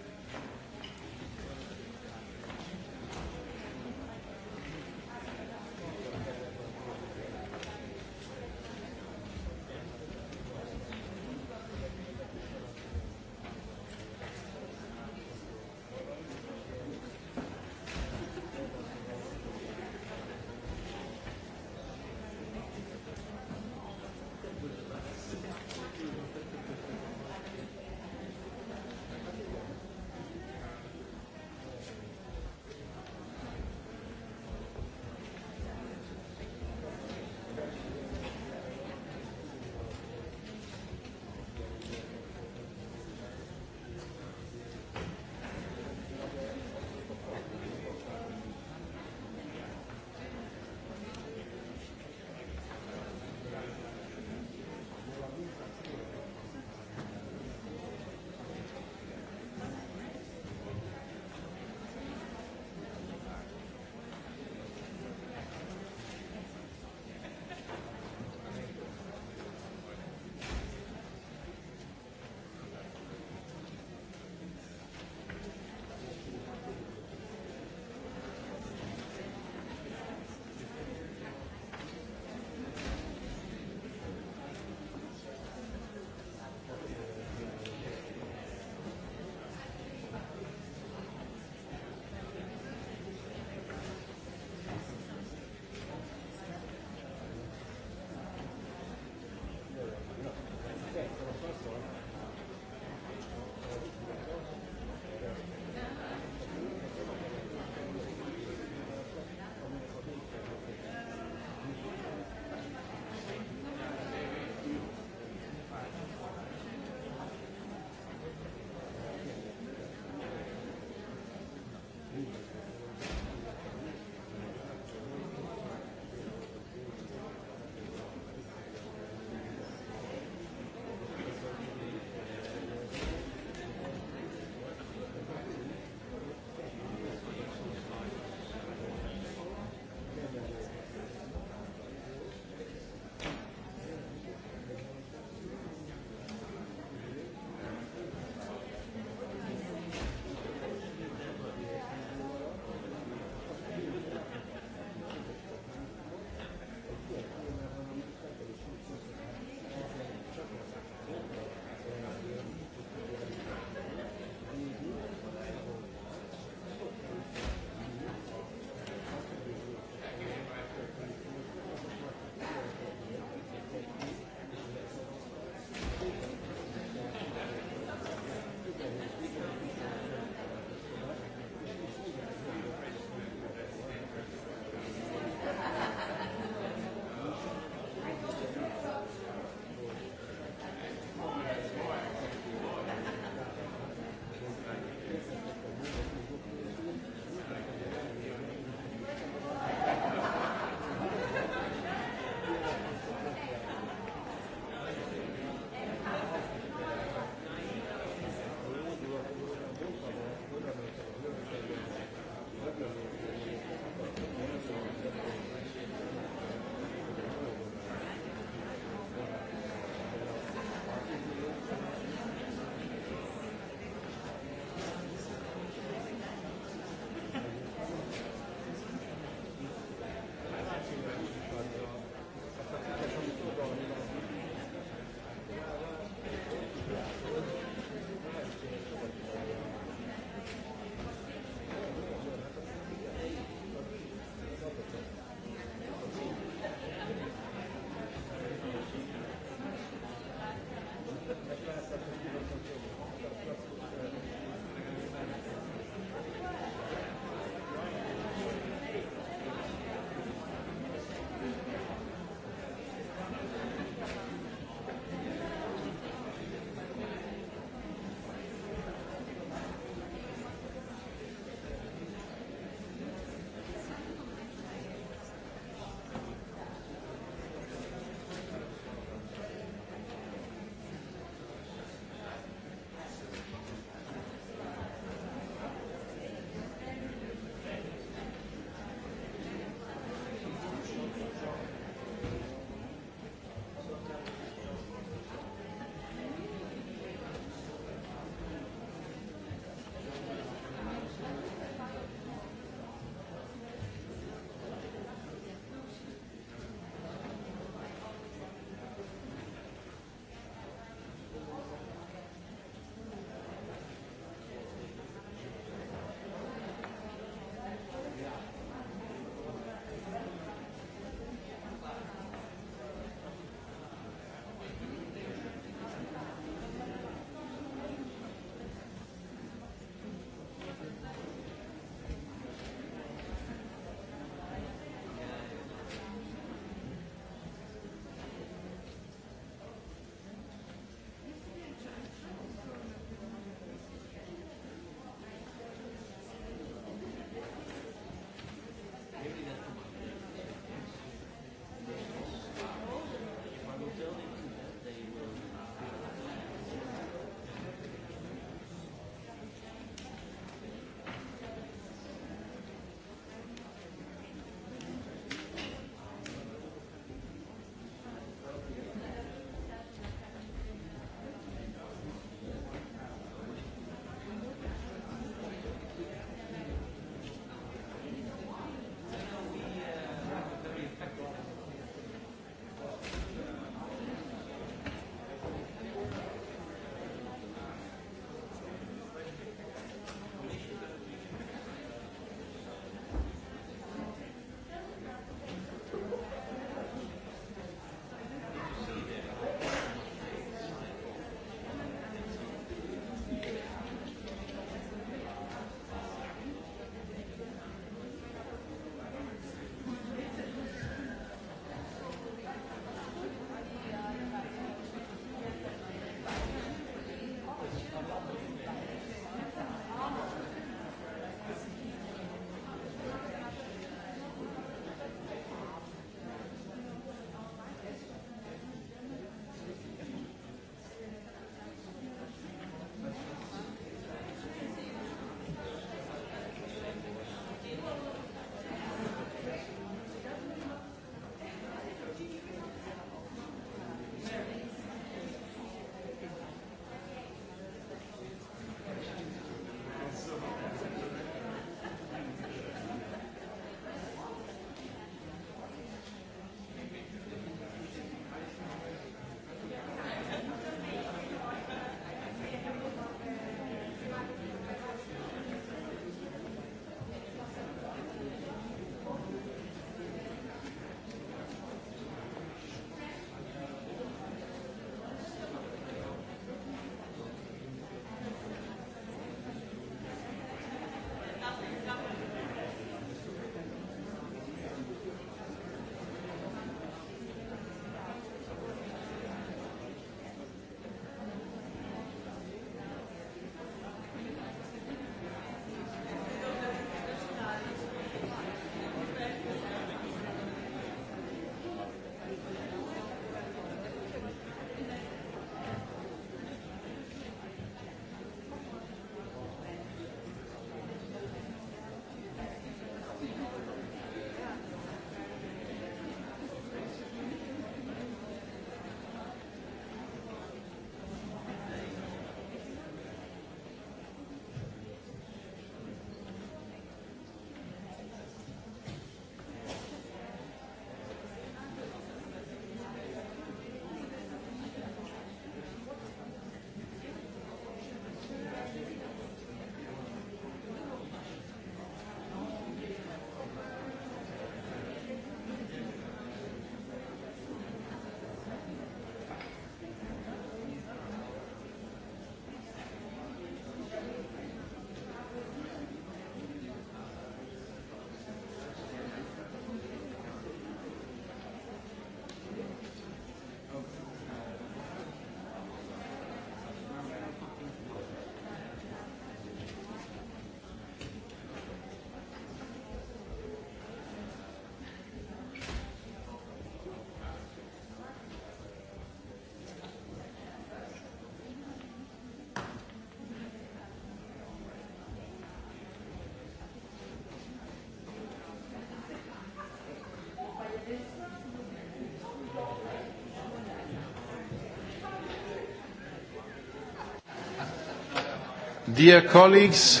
Dear colleagues.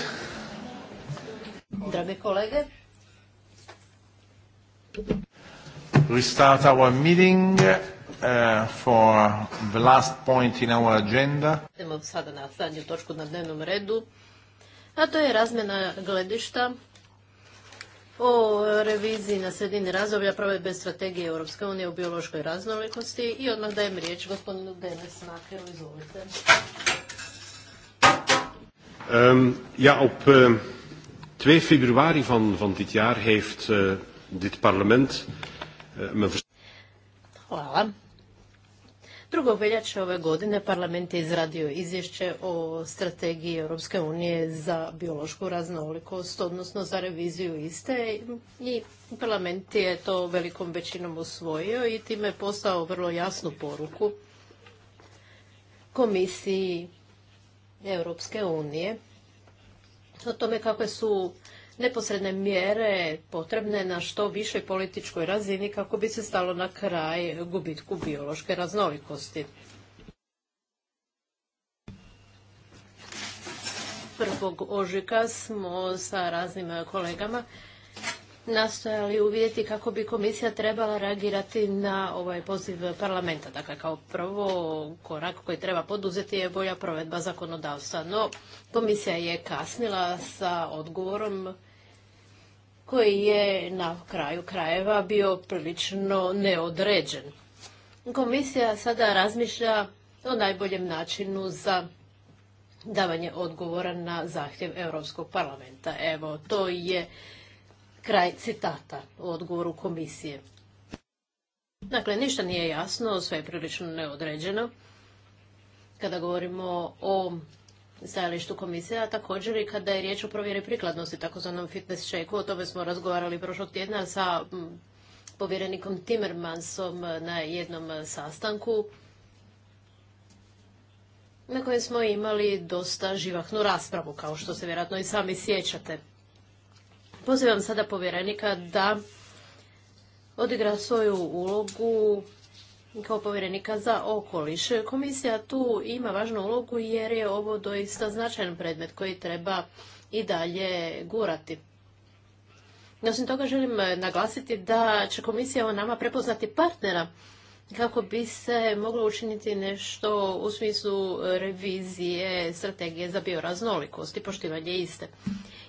Drage kolege. We start our meeting uh, for the last point in our agenda. sada na zadnju točku na dnevnom redu, a to je razmjena gledišta o reviziji na sredini razdoblja provedbe strategije Europske unije u biološkoj raznolikosti i odmah dajem riječ gospodinu Denis Makeru, izvolite. Ehm, ja, op 2 ehm, februari van, dit jaar heeft eh, dit parlement uh, Hvala. 2. veljače ove godine parlament je izradio izvješće o strategiji Europske unije za biološku raznolikost, odnosno za reviziju iste i parlament je to velikom većinom usvojio i time je postao vrlo jasnu poruku komisiji Europske unije o tome kakve su neposredne mjere potrebne na što višoj političkoj razini kako bi se stalo na kraj gubitku biološke raznolikosti. Prvog ožika smo sa raznim kolegama nastojali uvidjeti kako bi komisija trebala reagirati na ovaj poziv parlamenta. Dakle, kao prvo korak koji treba poduzeti je bolja provedba zakonodavstva. No, komisija je kasnila sa odgovorom koji je na kraju krajeva bio prilično neodređen. Komisija sada razmišlja o najboljem načinu za davanje odgovora na zahtjev Europskog parlamenta. Evo, to je Kraj citata o odgovoru komisije. Dakle, ništa nije jasno, sve je prilično neodređeno. Kada govorimo o stajalištu komisije, a također i kada je riječ o provjeri prikladnosti, takozvanom fitness checku, o tome smo razgovarali prošlog tjedna sa povjerenikom Timmermansom na jednom sastanku na kojem smo imali dosta živahnu raspravu, kao što se vjerojatno i sami sjećate. Pozivam sada povjerenika da odigra svoju ulogu kao povjerenika za okoliš. Komisija tu ima važnu ulogu jer je ovo doista značajan predmet koji treba i dalje gurati. Osim toga želim naglasiti da će komisija o nama prepoznati partnera kako bi se moglo učiniti nešto u smislu revizije strategije za bioraznolikost i poštivanje iste.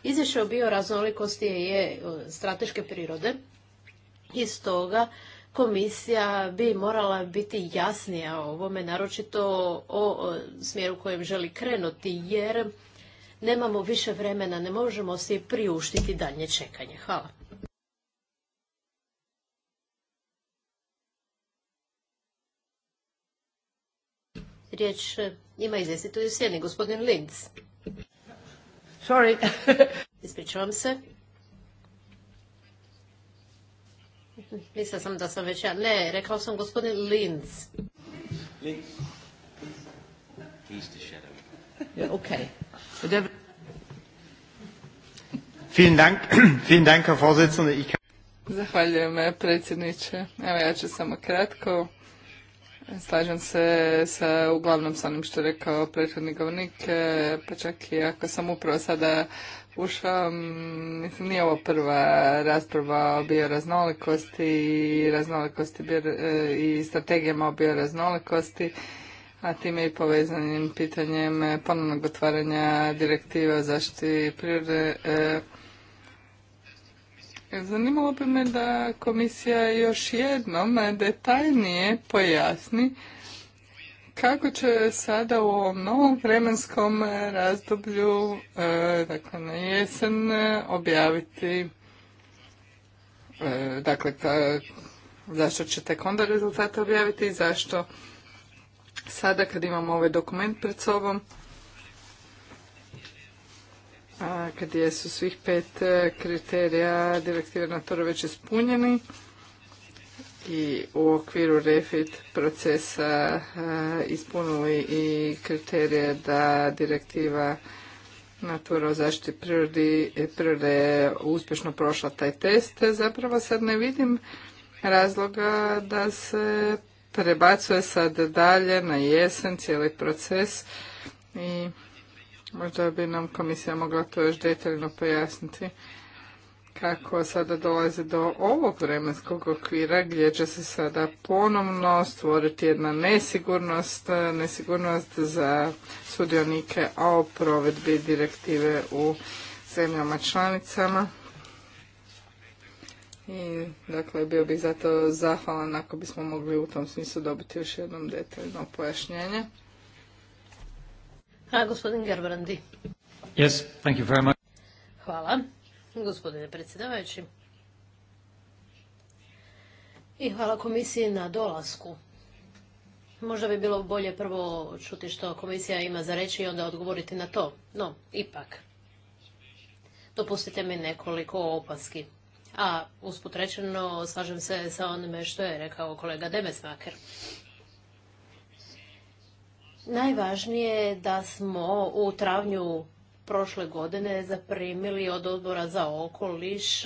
Izvješće o bioraznolikosti je e, strateške prirode i stoga komisija bi morala biti jasnija o ovome, naročito o smjeru kojem želi krenuti, jer nemamo više vremena, ne možemo si priuštiti dalje čekanje. Hvala. Riječ e, ima izvjestitelj u sjedni, gospodin Linz. Sorry. *laughs* Ispričavam se. Mislila sam da sam već ja. Ne, rekao sam gospodin Linz. Linz. He's the shadow. Yeah, okay. Vielen Dank, *clears throat* vielen Dank, Herr Vorsitzender. Ich Zahvaljujem predsjedniče. Evo ja ću samo kratko. Slažem se sa, uglavnom sa onim što je rekao prethodni govornik, e, pa čak i ako sam upravo sada ušao, mislim, nije ovo prva rasprava o bioraznolikosti i raznolikosti bio, e, i strategijama o bioraznolikosti, a time i povezanim pitanjem ponovnog otvaranja direktive o zaštiti prirode, e, Zanimalo bi me da komisija još jednom detaljnije pojasni kako će sada u ovom novom vremenskom razdoblju, e, dakle na jesen, objaviti, e, dakle zašto će tek onda rezultate objaviti i zašto sada kad imamo ovaj dokument pred sobom, gdje su svih pet e, kriterija direktive Natura već ispunjeni i u okviru refit procesa e, ispunili i kriterije da direktiva Natura o zaštiti e, prirode, prirode je uspješno prošla taj test. Zapravo sad ne vidim razloga da se prebacuje sad dalje na jesen cijeli proces i Možda bi nam komisija mogla to još detaljno pojasniti kako sada dolazi do ovog vremenskog okvira gdje će se sada ponovno stvoriti jedna nesigurnost, nesigurnost za sudionike o provedbi direktive u zemljama članicama. I dakle bio bih zato zahvalan ako bismo mogli u tom smislu dobiti još jednom detaljno pojašnjenje gospodin Yes, thank you very much. Hvala, gospodine predsjedavajući. I hvala komisiji na dolasku. Možda bi bilo bolje prvo čuti što komisija ima za reći i onda odgovoriti na to. No, ipak. Dopustite mi nekoliko opaski. A usput rečeno, slažem se sa onime što je rekao kolega Demesmaker. Najvažnije je da smo u travnju prošle godine zaprimili od odbora za okoliš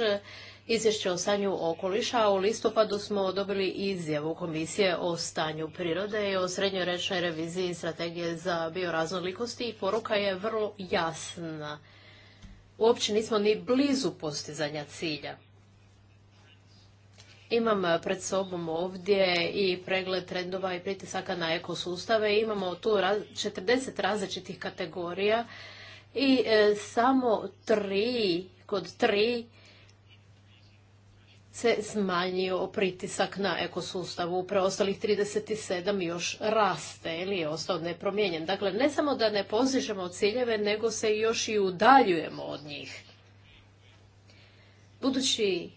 izvješće o stanju okoliša, a u listopadu smo dobili izjavu Komisije o stanju prirode i o srednjorečnoj reviziji strategije za bioraznolikosti i poruka je vrlo jasna. Uopće nismo ni blizu postizanja cilja. Imam eh, pred sobom ovdje i pregled trendova i pritisaka na ekosustave. Imamo tu 40 različitih kategorija i eh, samo tri, kod tri se smanjio pritisak na ekosustavu. U preostalih 37 još raste ili je ostao nepromijenjen. Dakle, ne samo da ne postižemo ciljeve, nego se još i udaljujemo od njih. Budući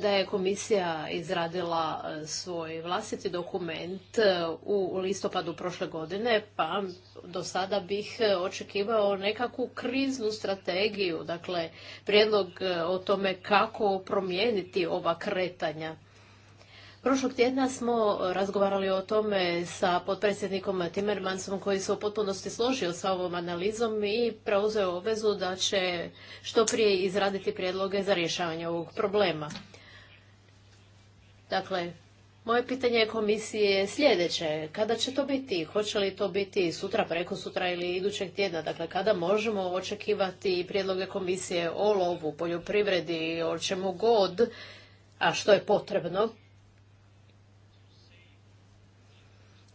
da je komisija izradila e, svoj vlastiti dokument e, u listopadu prošle godine, pa do sada bih e, očekivao nekakvu kriznu strategiju, dakle prijedlog o tome kako promijeniti ova kretanja. Prošlog tjedna smo razgovarali o tome sa potpredsjednikom Timmermansom koji se u potpunosti složio sa ovom analizom i preuzeo obvezu da će što prije izraditi prijedloge za rješavanje ovog problema. Dakle, moje pitanje komisije je sljedeće. Kada će to biti? Hoće li to biti sutra, preko sutra ili idućeg tjedna? Dakle, kada možemo očekivati prijedloge komisije o lovu, poljoprivredi, o čemu god, a što je potrebno?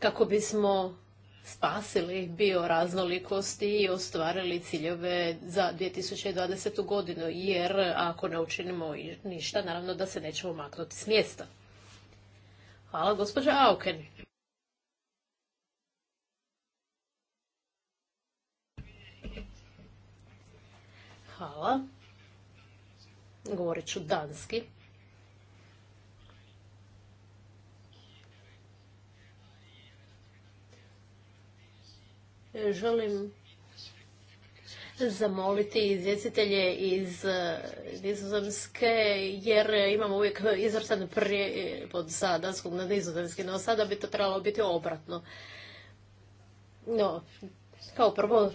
kako bismo spasili bioraznolikosti i ostvarili ciljeve za 2020. godinu, jer ako ne učinimo ništa, naravno da se nećemo maknuti s mjesta. Hvala, gospođa Auken. Hvala. Govorit ću danski. želim zamoliti izvjestitelje iz e, Nizozemske, jer imamo uvijek izvrstan prijevod sa danskog na nizozemski, no sada bi to trebalo biti obratno. No, kao prvo,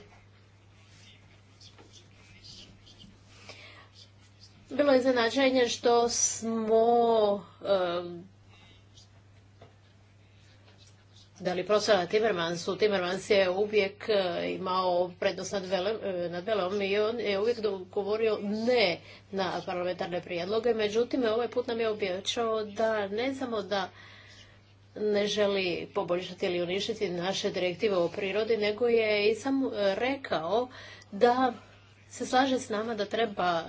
bilo je iznenađenje što smo e, da li profesora Timmermansu, Timmermans je uvijek e, imao prednost nad, velem, e, velom i on je uvijek govorio ne na parlamentarne prijedloge, međutim ovaj put nam je objećao da ne samo da ne želi poboljšati ili uništiti naše direktive o prirodi, nego je i sam rekao da se slaže s nama da treba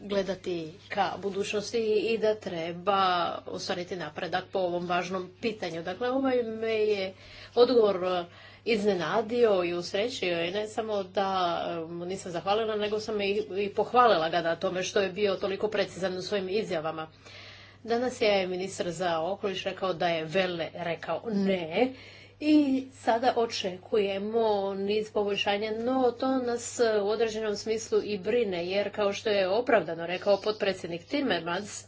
gledati ka budućnosti i da treba ostvariti napredak po ovom važnom pitanju. Dakle, ovaj me je odgovor iznenadio i usrećio i ne samo da mu um, nisam zahvalila, nego sam i pohvalila ga na tome što je bio toliko precizan u svojim izjavama. Danas je ministar za okoliš rekao da je Vele rekao ne i sada očekujemo niz poboljšanja, no to nas u određenom smislu i brine, jer kao što je opravdano rekao potpredsjednik Timmermans,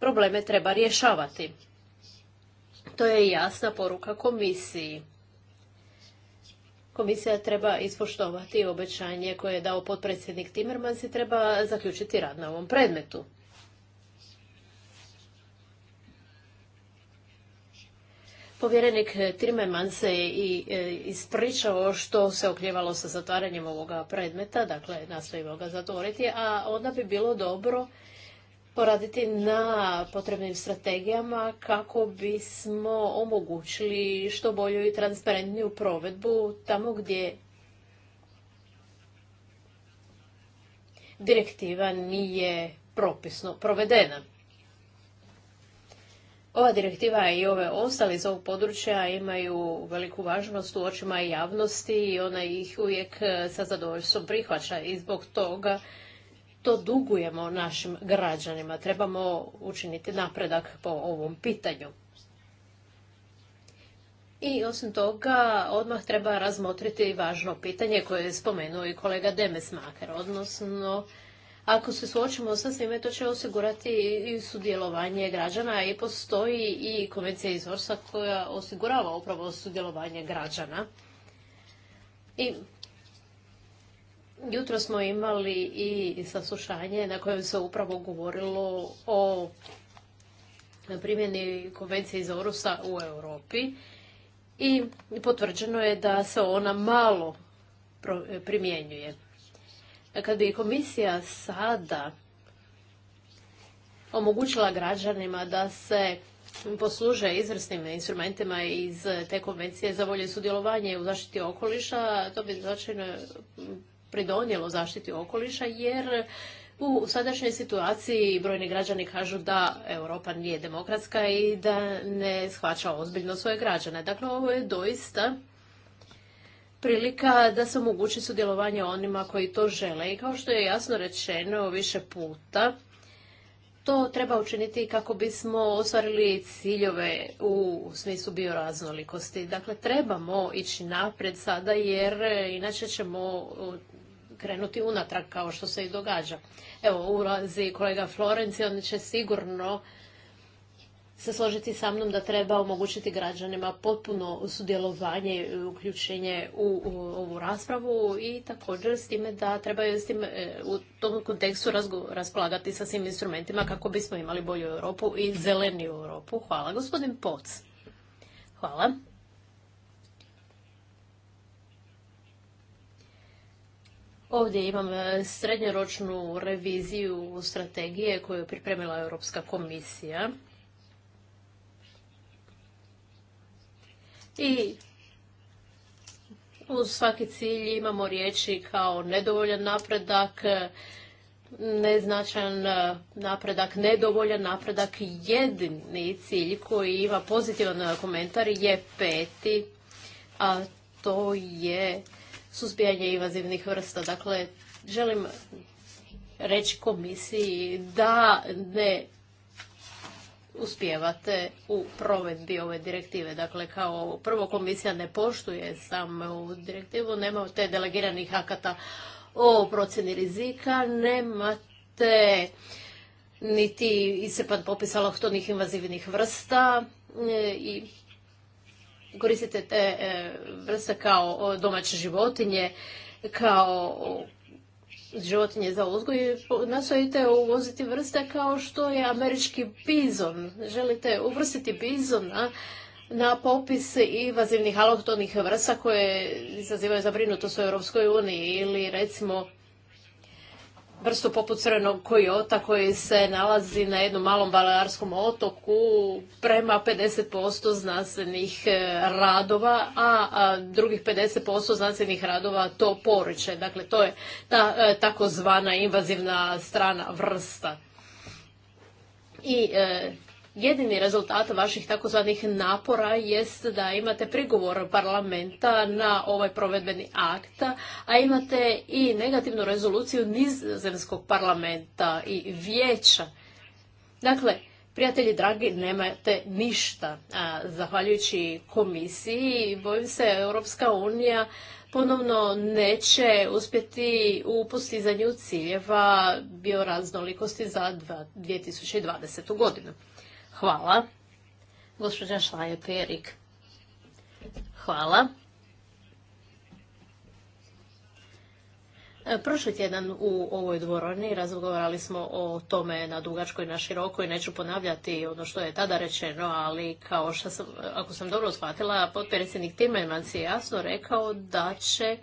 probleme treba rješavati. To je jasna poruka komisiji. Komisija treba ispoštovati obećanje koje je dao potpredsjednik Timmermans i treba zaključiti rad na ovom predmetu. Povjerenik Timeman se i e, ispričao što se okljevalo sa zatvaranjem ovoga predmeta, dakle nastojimo ga zatvoriti, a onda bi bilo dobro poraditi na potrebnim strategijama kako bismo omogućili što bolju i transparentniju provedbu tamo gdje direktiva nije propisno provedena. Ova direktiva i ove ostale iz ovog područja imaju veliku važnost u očima javnosti i ona ih uvijek e, sa zadovoljstvom prihvaća i zbog toga to dugujemo našim građanima. Trebamo učiniti napredak po ovom pitanju. I osim toga, odmah treba razmotriti važno pitanje koje je spomenuo i kolega Demesmaker, odnosno ako se suočimo sa svime, to će osigurati i sudjelovanje građana i postoji i konvencija Orsa koja osigurava upravo sudjelovanje građana. I jutro smo imali i saslušanje na kojem se upravo govorilo o primjeni konvencije iz Orusa u Europi i potvrđeno je da se ona malo primjenjuje. Kad bi komisija sada omogućila građanima da se posluže izvrsnim instrumentima iz te konvencije za volje sudjelovanje u zaštiti okoliša, to bi značajno pridonijelo zaštiti okoliša, jer u sadašnjoj situaciji brojni građani kažu da Europa nije demokratska i da ne shvaća ozbiljno svoje građane. Dakle, ovo je doista prilika da se omogući sudjelovanje onima koji to žele. I kao što je jasno rečeno više puta, to treba učiniti kako bismo ostvarili ciljeve u smislu bioraznolikosti. Dakle, trebamo ići napred sada jer e, inače ćemo e, krenuti unatrag kao što se i događa. Evo, ulazi kolega Florenci, on će sigurno se složiti sa mnom da treba omogućiti građanima potpuno sudjelovanje i uključenje u, ovu raspravu i također s time da trebaju tim, e, u tom kontekstu raspolagati sa svim instrumentima kako bismo imali bolju Europu i zeleniju Europu. Hvala. Gospodin Poc. Hvala. Ovdje imam e, srednjoročnu reviziju strategije koju je pripremila Europska komisija. I u svaki cilj imamo riječi kao nedovoljan napredak, neznačan e, napredak, nedovoljan napredak. Jedini cilj koji ima pozitivan e, komentar je peti, a to je suzbijanje invazivnih vrsta. Dakle, želim reći komisiji da ne uspijevate u provedbi ove direktive. Dakle, kao prvo komisija ne poštuje samu direktivu, te delegiranih akata o procjeni rizika, nemate niti isepan popis alohtonih invazivnih vrsta e, i koristite te e, vrste kao domaće životinje, kao životinje za uzgoj, nastojite uvoziti vrste kao što je američki bizon. Želite uvrstiti bizona na popis invazivnih alohtonih vrsta koje izazivaju zabrinutost u Europskoj uniji ili recimo vrstu poput crvenog kojota koji se nalazi na jednom malom balearskom otoku prema 50% znanstvenih e, radova, a drugih 50% znanstvenih radova to poriče. Dakle, to je ta e, takozvana invazivna strana vrsta. I e, jedini rezultat vaših takozvanih napora jest da imate prigovor parlamenta na ovaj provedbeni akt, a imate i negativnu rezoluciju nizozemskog parlamenta i vijeća. Dakle, Prijatelji dragi, nemate ništa. zahvaljujući komisiji, bojim se, Europska unija ponovno neće uspjeti u postizanju ciljeva bioraznolikosti za 2020. godinu. Hvala. Gospođa Šlaje-Perik. Hvala. E, prošli tjedan u ovoj dvorani razgovarali smo o tome na dugačkoj, i na širokoj. i neću ponavljati ono što je tada rečeno, ali kao što sam, ako sam dobro shvatila, potpredsjednik Timmermans je jasno rekao da će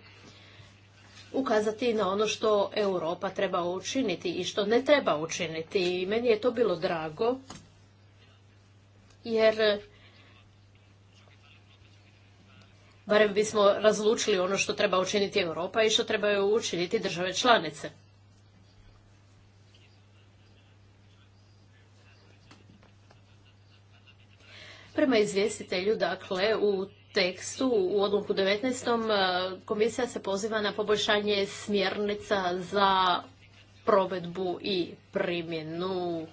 ukazati na ono što Europa treba učiniti i što ne treba učiniti. I meni je to bilo drago jer eh, barem bismo razlučili ono što treba učiniti Europa i što trebaju učiniti države članice. Prema izvjestitelju, dakle, u tekstu u odluku 19. Eh, komisija se poziva na poboljšanje smjernica za provedbu i primjenu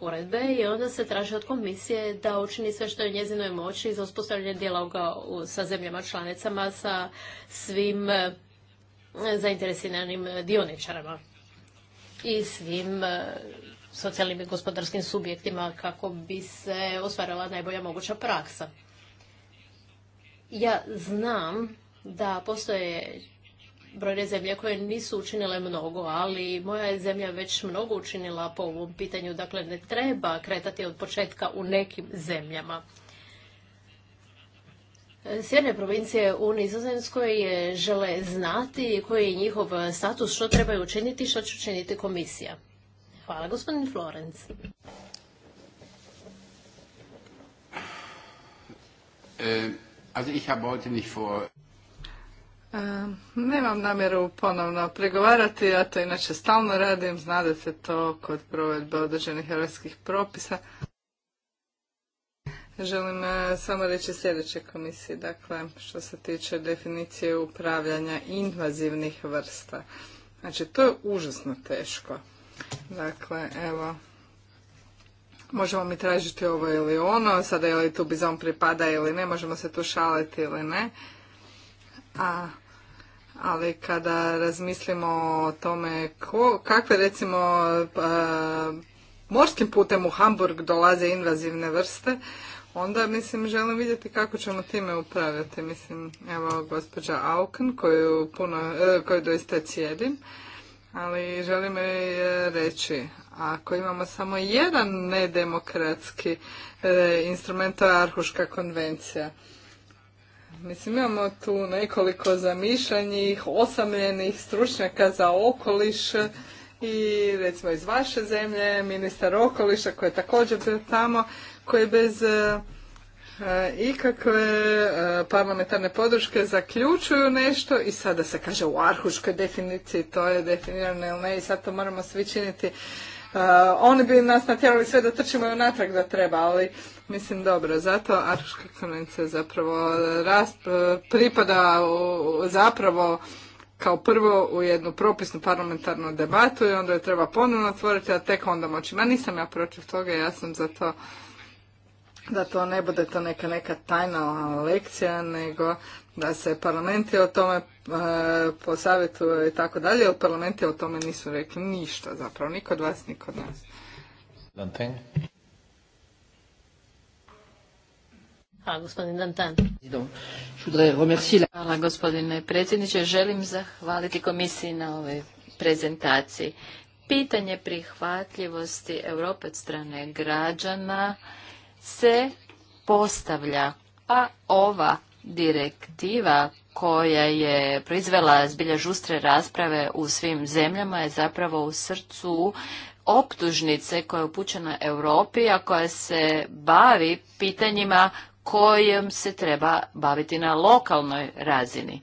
uredbe i onda se traži od komisije da učini sve što je njezinoj moći za uspostavljanje dijaloga sa zemljama članicama, sa svim e, zainteresiranim dioničarama i svim e, socijalnim i gospodarskim subjektima kako bi se ostvarila najbolja moguća praksa. Ja znam da postoje brojne zemlje koje nisu učinile mnogo, ali moja je zemlja već mnogo učinila po ovom pitanju, dakle ne treba kretati od početka u nekim zemljama. Sjedne provincije u Nizozemskoj žele znati koji je njihov status, što trebaju učiniti, što će učiniti komisija. Hvala, gospodin Florenc. Äh, E, nemam namjeru ponovno pregovarati, ja to inače stalno radim, se to kod provedbe određenih europskih propisa. Želim e, samo reći sljedeće komisije, dakle, što se tiče definicije upravljanja invazivnih vrsta. Znači, to je užasno teško. Dakle, evo, možemo mi tražiti ovo ili ono, sada je li tu bizon pripada ili ne, možemo se tu šaliti ili ne. A, ali kada razmislimo o tome ko, kakve recimo pa, morskim putem u Hamburg dolaze invazivne vrste, onda mislim želim vidjeti kako ćemo time upravljati. Mislim, evo gospođa Auken koju, puno, e, koju doista cijedim, ali želim reći, ako imamo samo jedan nedemokratski e, instrument, to je Arhuška konvencija. Mislim, imamo tu nekoliko zamišljenih, osamljenih stručnjaka za okoliš i recimo iz vaše zemlje, ministar okoliša koji je također bio tamo, koji bez e, ikakve e, parlamentarne podrške zaključuju nešto i sada se kaže u arhuškoj definiciji to je definirano ili ne i sad to moramo svi činiti Eh, oni bi nas natjerali sve da trčimo i unatrag da treba, ali mislim dobro, zato Arška konvencija zapravo eh, eh, pripada zapravo kao prvo u jednu propisnu parlamentarnu debatu i onda je treba ponovno otvoriti, a tek onda moći. Ma nisam ja protiv toga, ja sam za to da to ne bude to neka neka tajna lekcija, nego da se parlamenti o tome e, posavjetuju i tako dalje, ali parlamenti o tome nisu rekli ništa zapravo, ni kod vas, ni kod nas. Danten. Hvala gospodin Dantan. Hvala gospodine predsjedniče. Želim zahvaliti komisiji na ovoj prezentaciji. Pitanje prihvatljivosti Europe od strane građana se postavlja, a ova direktiva koja je proizvela zbilja žustre rasprave u svim zemljama je zapravo u srcu optužnice koja je upućena Europi, a koja se bavi pitanjima kojim se treba baviti na lokalnoj razini.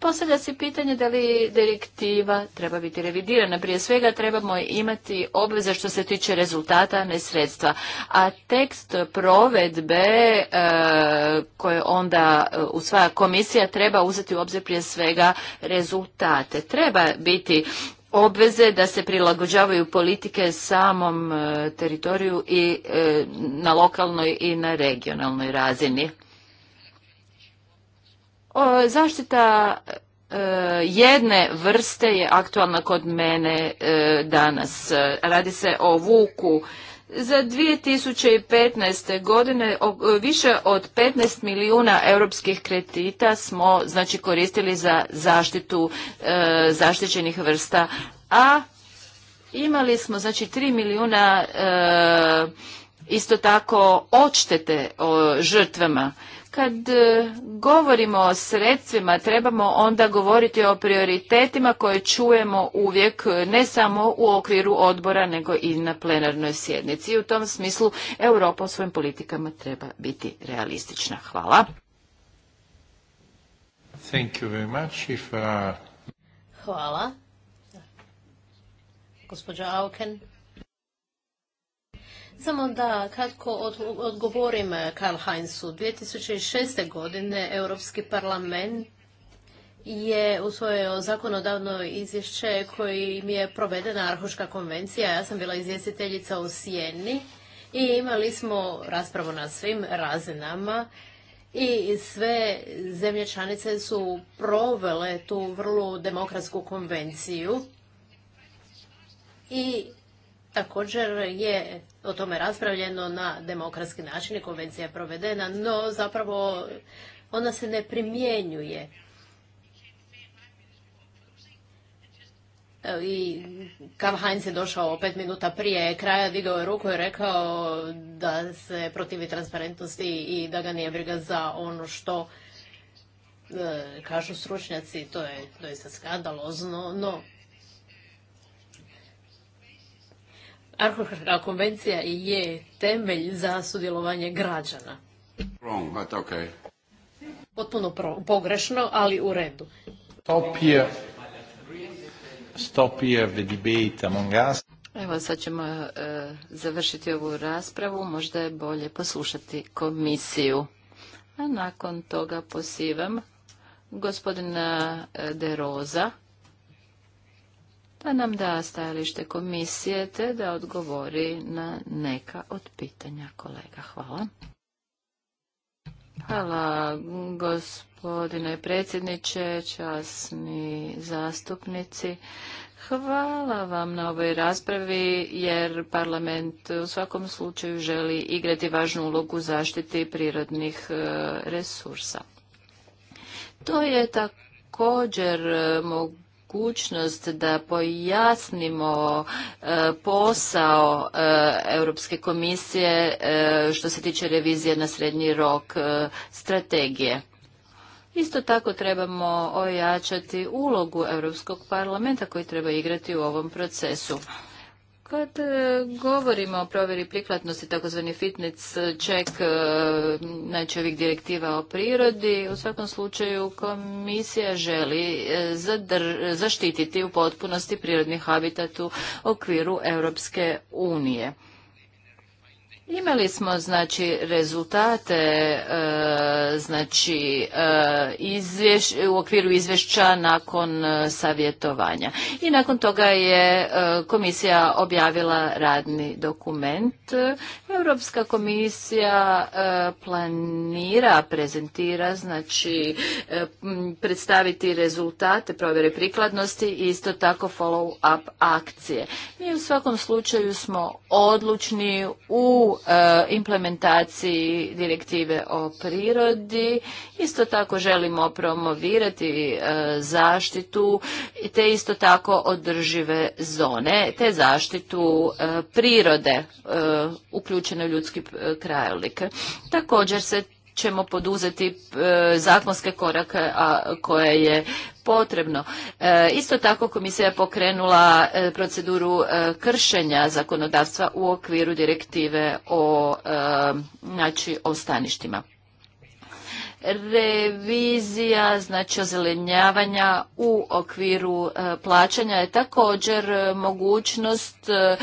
Postavlja se pitanje da li direktiva treba biti revidirana. Prije svega trebamo imati obveze što se tiče rezultata, ne sredstva. A tekst provedbe e, koje onda e, usvaja komisija treba uzeti u obzir prije svega rezultate. Treba biti obveze da se prilagođavaju politike samom e, teritoriju i na lokalnoj i na regionalnoj razini zaštita e, jedne vrste je aktualna kod mene e, danas. Radi se o vuku. Za 2015. godine više od 15 milijuna europskih kredita smo znači koristili za zaštitu e, zaštićenih vrsta, a imali smo znači 3 milijuna isto tako odštete žrtvama. Kad e, govorimo o sredstvima, trebamo onda govoriti o prioritetima koje čujemo uvijek ne samo u okviru odbora, nego i na plenarnoj sjednici. I u tom smislu Europa u svojim politikama treba biti realistična. Hvala. Uh, Hvala. Auken. Samo da kratko odgovorim eh, Karl Heinzu. 2006. godine Europski parlament je usvojio zakonodavno izvješće kojim je provedena Arhuška konvencija. Ja sam bila izvjestiteljica u Sijeni i imali smo raspravu na svim razinama i sve zemlje članice su provele tu vrlo demokratsku konvenciju i također je o tome raspravljeno na demokratski način i konvencija je provedena, no zapravo ona se ne primjenjuje. I Kav Heinz je došao pet minuta prije kraja, digao je ruku i rekao da se protivi transparentnosti i da ga nije briga za ono što e, kažu stručnjaci, to je doista skandalozno, no Arhuška konvencija je temelj za sudjelovanje građana. Potpuno pogrešno, ali u redu. Evo sad ćemo e, završiti ovu raspravu. Možda je bolje poslušati komisiju. A nakon toga posivam gospodina e, De Roza pa nam da stajalište komisije te da odgovori na neka od pitanja kolega. Hvala. Hvala gospodine predsjedniče, časni zastupnici. Hvala vam na ovoj raspravi jer parlament u svakom slučaju želi igrati važnu ulogu zaštiti prirodnih e, resursa. To je također e, mogu mogućnost da pojasnimo e, posao e, Europske komisije e, što se tiče revizije na srednji rok strategije. Isto tako trebamo ojačati ulogu Europskog parlamenta koji treba igrati u ovom procesu. Kad e, govorimo o provjeri prikladnosti, takozvani fitness check, e, znači ovih direktiva o prirodi, u svakom slučaju komisija želi e, zaštititi u potpunosti prirodni habitat u okviru Europske unije. Imali smo znači rezultate e, znači e, u okviru izvješća nakon e, savjetovanja i nakon toga je komisija objavila radni dokument. Europska komisija planira prezentira znači predstaviti rezultate provjere prikladnosti i isto tako follow up akcije. Mi u svakom slučaju smo odlučni u E, implementaciji direktive o prirodi. Isto tako želimo promovirati e, zaštitu te isto tako održive zone te zaštitu e, prirode uključene u ljudski krajolik. Također se ćemo poduzeti zakonske korake koje je potrebno. E, isto tako komisija je pokrenula e, proceduru e, kršenja zakonodavstva u okviru direktive o, znači, o staništima. Revizija, znači ozelenjavanja u okviru e, plaćanja je također e, mogućnost e,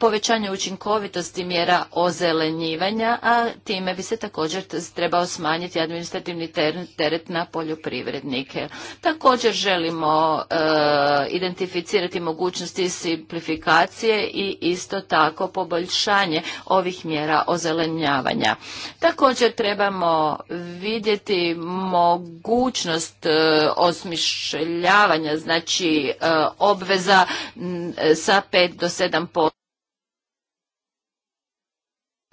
povećanja učinkovitosti mjera ozelenjivanja, a time bi se također trebao smanjiti administrativni teret na poljoprivrednike. Također želimo identificirati mogućnosti simplifikacije i isto tako poboljšanje ovih mjera ozelenjavanja. Također trebamo vidjeti vidjeti mogućnost e, osmišljavanja, znači e, obveza sa 5 do 7%.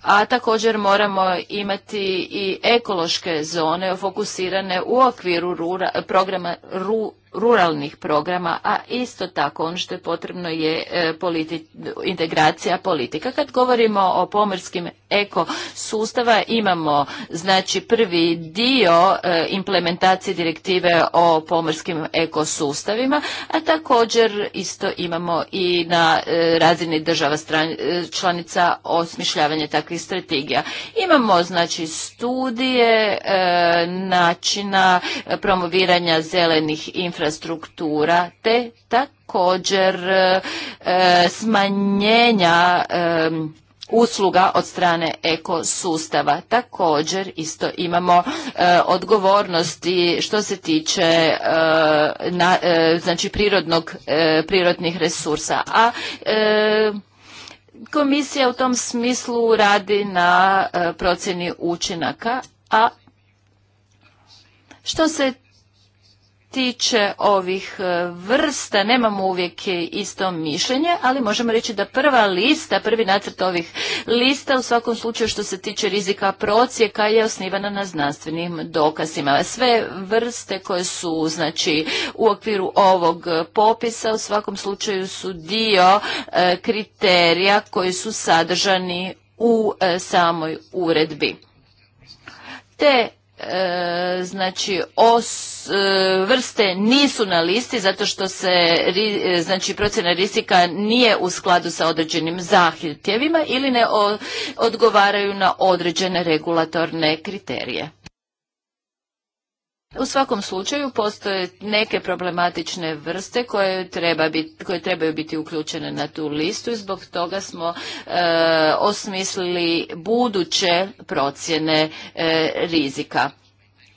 A također moramo imati i ekološke zone fokusirane u okviru programa ru, ruralnih programa, a isto tako ono što je potrebno je e, integracija politika. Kad govorimo o pomorskim eko sustava imamo znači prvi dio e, implementacije direktive o pomorskim ekosustavima, a također isto imamo i na e, razini država stran članica osmišljavanje takvih strategija. Imamo znači studije načina promoviranja zelenih infrastruktura infrastruktura te također e, smanjenja e, usluga od strane ekosustava. Također isto imamo e, odgovornosti što se tiče znači prirodnog, prirodnih resursa. A komisija u tom smislu radi na procjeni učinaka, a što se tiče ovih e, vrsta nemamo uvijek isto mišljenje, ali možemo reći da prva lista, prvi nacrt ovih lista u svakom slučaju što se tiče rizika procjeka je osnivana na znanstvenim dokazima. Sve vrste koje su znači u okviru ovog popisa u svakom slučaju su dio e, kriterija koji su sadržani u e, samoj uredbi. Te E, znači os, e, vrste nisu na listi zato što se e, znači procjena rizika nije u skladu sa određenim zahtjevima ili ne odgovaraju na određene regulatorne kriterije. U svakom slučaju postoje neke problematične vrste koje, treba koje trebaju biti uključene na tu listu i zbog toga smo e, osmislili buduće procjene e, rizika.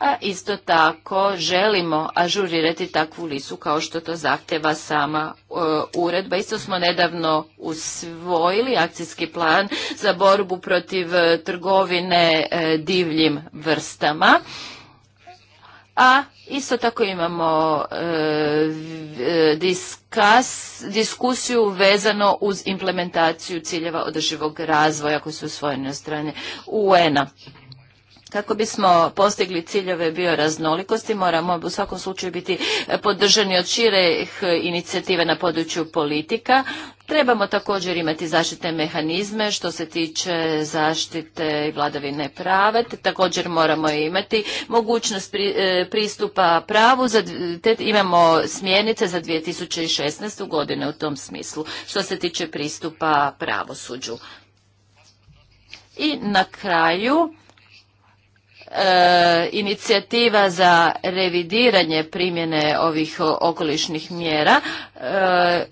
A isto tako želimo ažurirati takvu listu kao što to zahtjeva sama e, uredba. Isto smo nedavno usvojili akcijski plan za borbu protiv trgovine divljim vrstama a isto tako imamo e, e, diskusiju vezano uz implementaciju ciljeva održivog razvoja koji su usvojeni od strane UN-a. Kako bismo postigli ciljeve bioraznolikosti, moramo u svakom slučaju biti podržani od šireh inicijative na području politika, Trebamo također imati zaštitne mehanizme što se tiče zaštite i vladavine prava. Te također moramo imati mogućnost e, pristupa pravu. te imamo smjernice za 2016. godine u tom smislu što se tiče pristupa pravosuđu. I na kraju e, inicijativa za revidiranje primjene ovih okolišnih mjera e,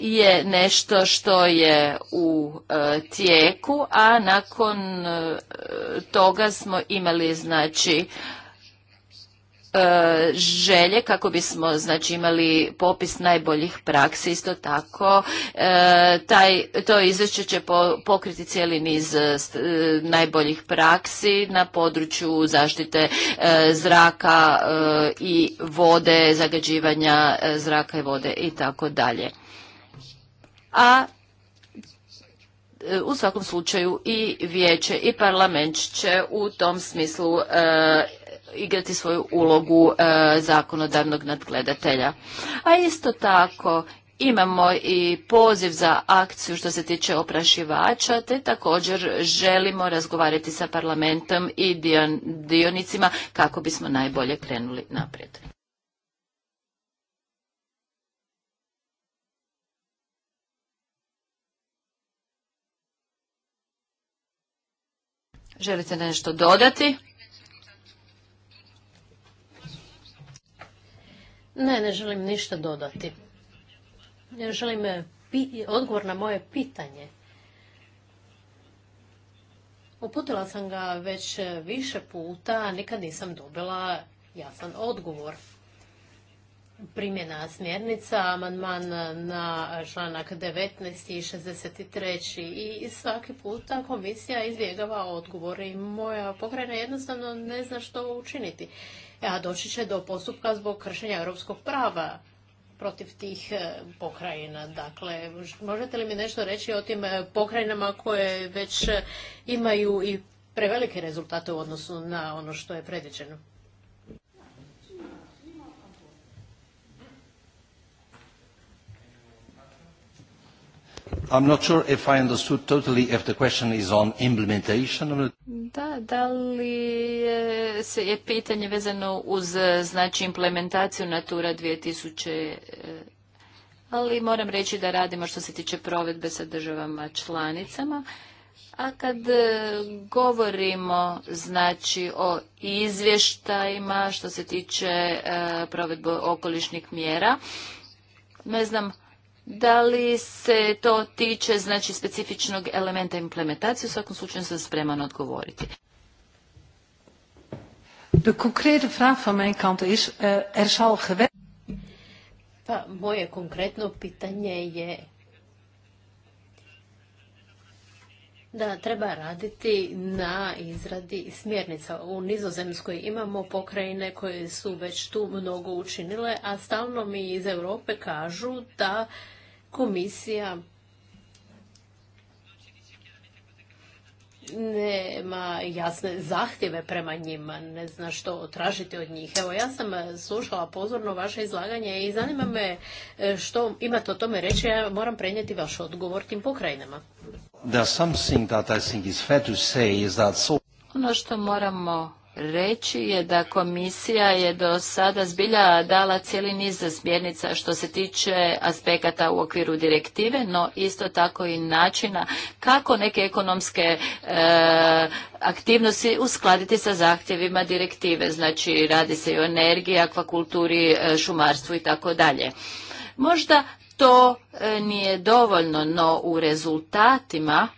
je nešto što je u e, tijeku, a nakon e, toga smo imali znači e, želje kako bismo znači imali popis najboljih praksi isto tako taj to izvješće će pokriti cijeli niz najboljih praksi na području zaštite zraka i vode zagađivanja zraka i vode i tako dalje a e, u svakom slučaju i vijeće i parlament će u tom smislu e, igrati svoju ulogu e, zakonodavnog nadgledatelja. A isto tako imamo i poziv za akciju što se tiče oprašivača, te također želimo razgovarati sa parlamentom i dionicima kako bismo najbolje krenuli naprijed. Želite nešto dodati? Ne, ne želim ništa dodati. Ne želim eh, odgovor na moje pitanje. Uputila sam ga već eh, više puta, a nikad nisam dobila jasan odgovor primjena smjernica, amandman na članak 19. i 63. I svaki puta komisija izbjegava odgovor i moja pokrajina jednostavno ne zna što učiniti. A doći će do postupka zbog kršenja europskog prava protiv tih e, pokrajina. Dakle, možete li mi nešto reći o tim e, pokrajinama koje već e, imaju i prevelike rezultate u odnosu na ono što je predviđeno? I'm not sure if I understood totally if the question is on implementation. Da, da li je, se je pitanje vezano uz e, znači implementaciju Natura 2000 e, ali moram reći da radimo što se tiče provedbe sa državama članicama. A kad e, govorimo znači o izvještajima što se tiče provedbe okolišnih mjera, ne znam da li se to tiče znači specifičnog elementa implementacije? U svakom slučaju sam spreman odgovoriti. De konkrete vraag van mijn kant is, eh, er zal Pa, moje konkretno pitanje je da treba raditi na izradi smjernica. U Nizozemskoj imamo pokrajine koje su već tu mnogo učinile, a stalno mi iz Europe kažu da komisija nema jasne zahtjeve prema njima, ne zna što tražiti od njih. Evo, ja sam slušala pozorno vaše izlaganje i zanima me e, što imate o tome reći, ja moram prenijeti vaš odgovor tim pokrajinama. Ono što moramo reći je da komisija je do sada zbilja dala cijeli niz smjernica što se tiče aspekata u okviru direktive, no isto tako i načina kako neke ekonomske e, aktivnosti uskladiti sa zahtjevima direktive. Znači radi se i o energiji, akvakulturi, e, šumarstvu i tako dalje. Možda to e, nije dovoljno, no u rezultatima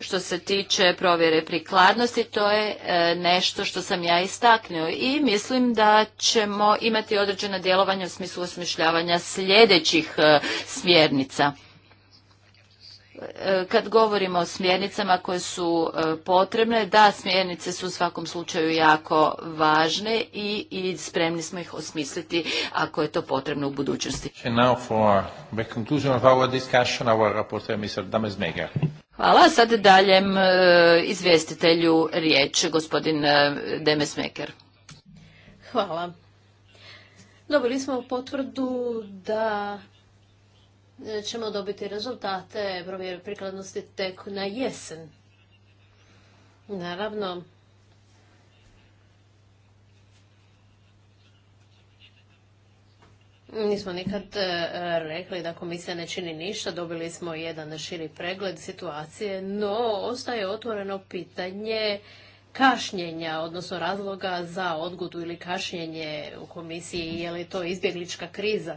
što se tiče provjere prikladnosti, to je e, nešto što sam ja istaknuo i mislim da ćemo imati određena djelovanja u smislu osmišljavanja sljedećih e, smjernica. E, kad govorimo o smjernicama koje su potrebne, da, smjernice su u svakom slučaju jako važne i, spremni smo ih osmisliti ako je to potrebno u budućnosti. Hvala. Sad daljem e, izvjestitelju riječ, gospodin e, Meker. Hvala. Dobili smo potvrdu da ćemo dobiti rezultate provjere prikladnosti tek na jesen. Naravno, Nismo nikad e, rekli da komisija ne čini ništa, dobili smo jedan širi pregled situacije, no ostaje otvoreno pitanje kašnjenja, odnosno razloga za odgodu ili kašnjenje u komisiji, je li to izbjeglička kriza.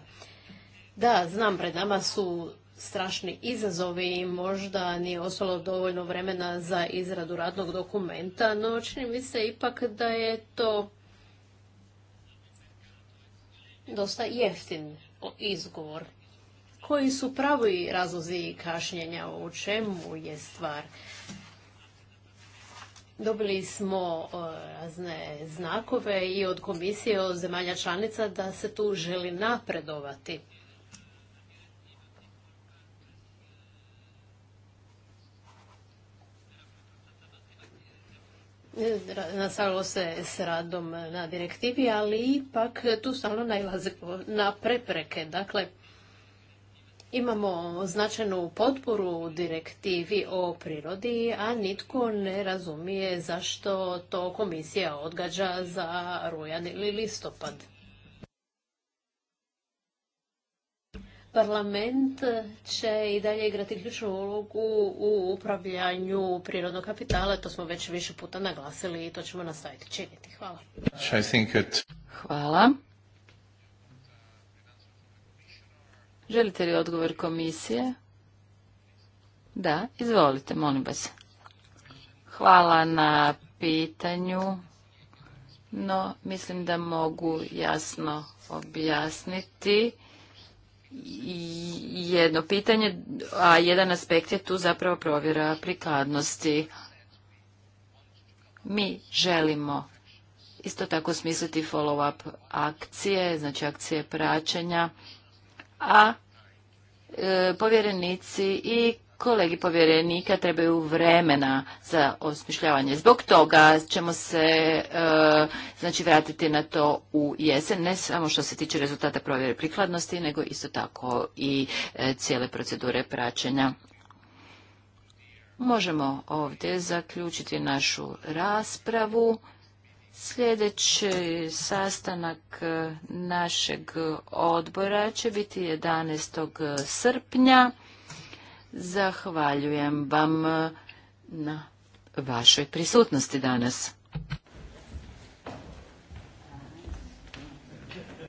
Da, znam, pred nama su strašni izazovi i možda nije ostalo dovoljno vremena za izradu radnog dokumenta, no čini mi se ipak da je to dosta jeftin izgovor. Koji su pravi razlozi kašnjenja, u čemu je stvar? Dobili smo e, razne znakove i od komisije od zemalja članica da se tu želi napredovati. nastavilo se s radom na direktivi, ali ipak tu stalno najlaze na prepreke. Dakle, imamo značajnu potporu direktivi o prirodi, a nitko ne razumije zašto to komisija odgađa za rujan ili listopad. Parlament će i dalje igrati ključnu ulogu u upravljanju prirodnog kapitala, to smo već više puta naglasili i to ćemo nastaviti činiti. Hvala. Hvala. Želite li odgovor komisije? Da, izvolite, molim vas. Hvala na pitanju, no mislim da mogu jasno objasniti jedno pitanje, a jedan aspekt je tu zapravo provjera prikladnosti. Mi želimo isto tako smisliti follow-up akcije, znači akcije praćenja, a e, povjerenici i kolegi povjerenika trebaju vremena za osmišljavanje. Zbog toga ćemo se e, znači vratiti na to u jesen, ne samo što se tiče rezultata provjere prikladnosti, nego isto tako i e, cijele procedure praćenja. Možemo ovdje zaključiti našu raspravu. Sljedeći sastanak e, našeg odbora će biti 11. srpnja. Zahvaljujem vam eh, na vašoj prisutnosti danas.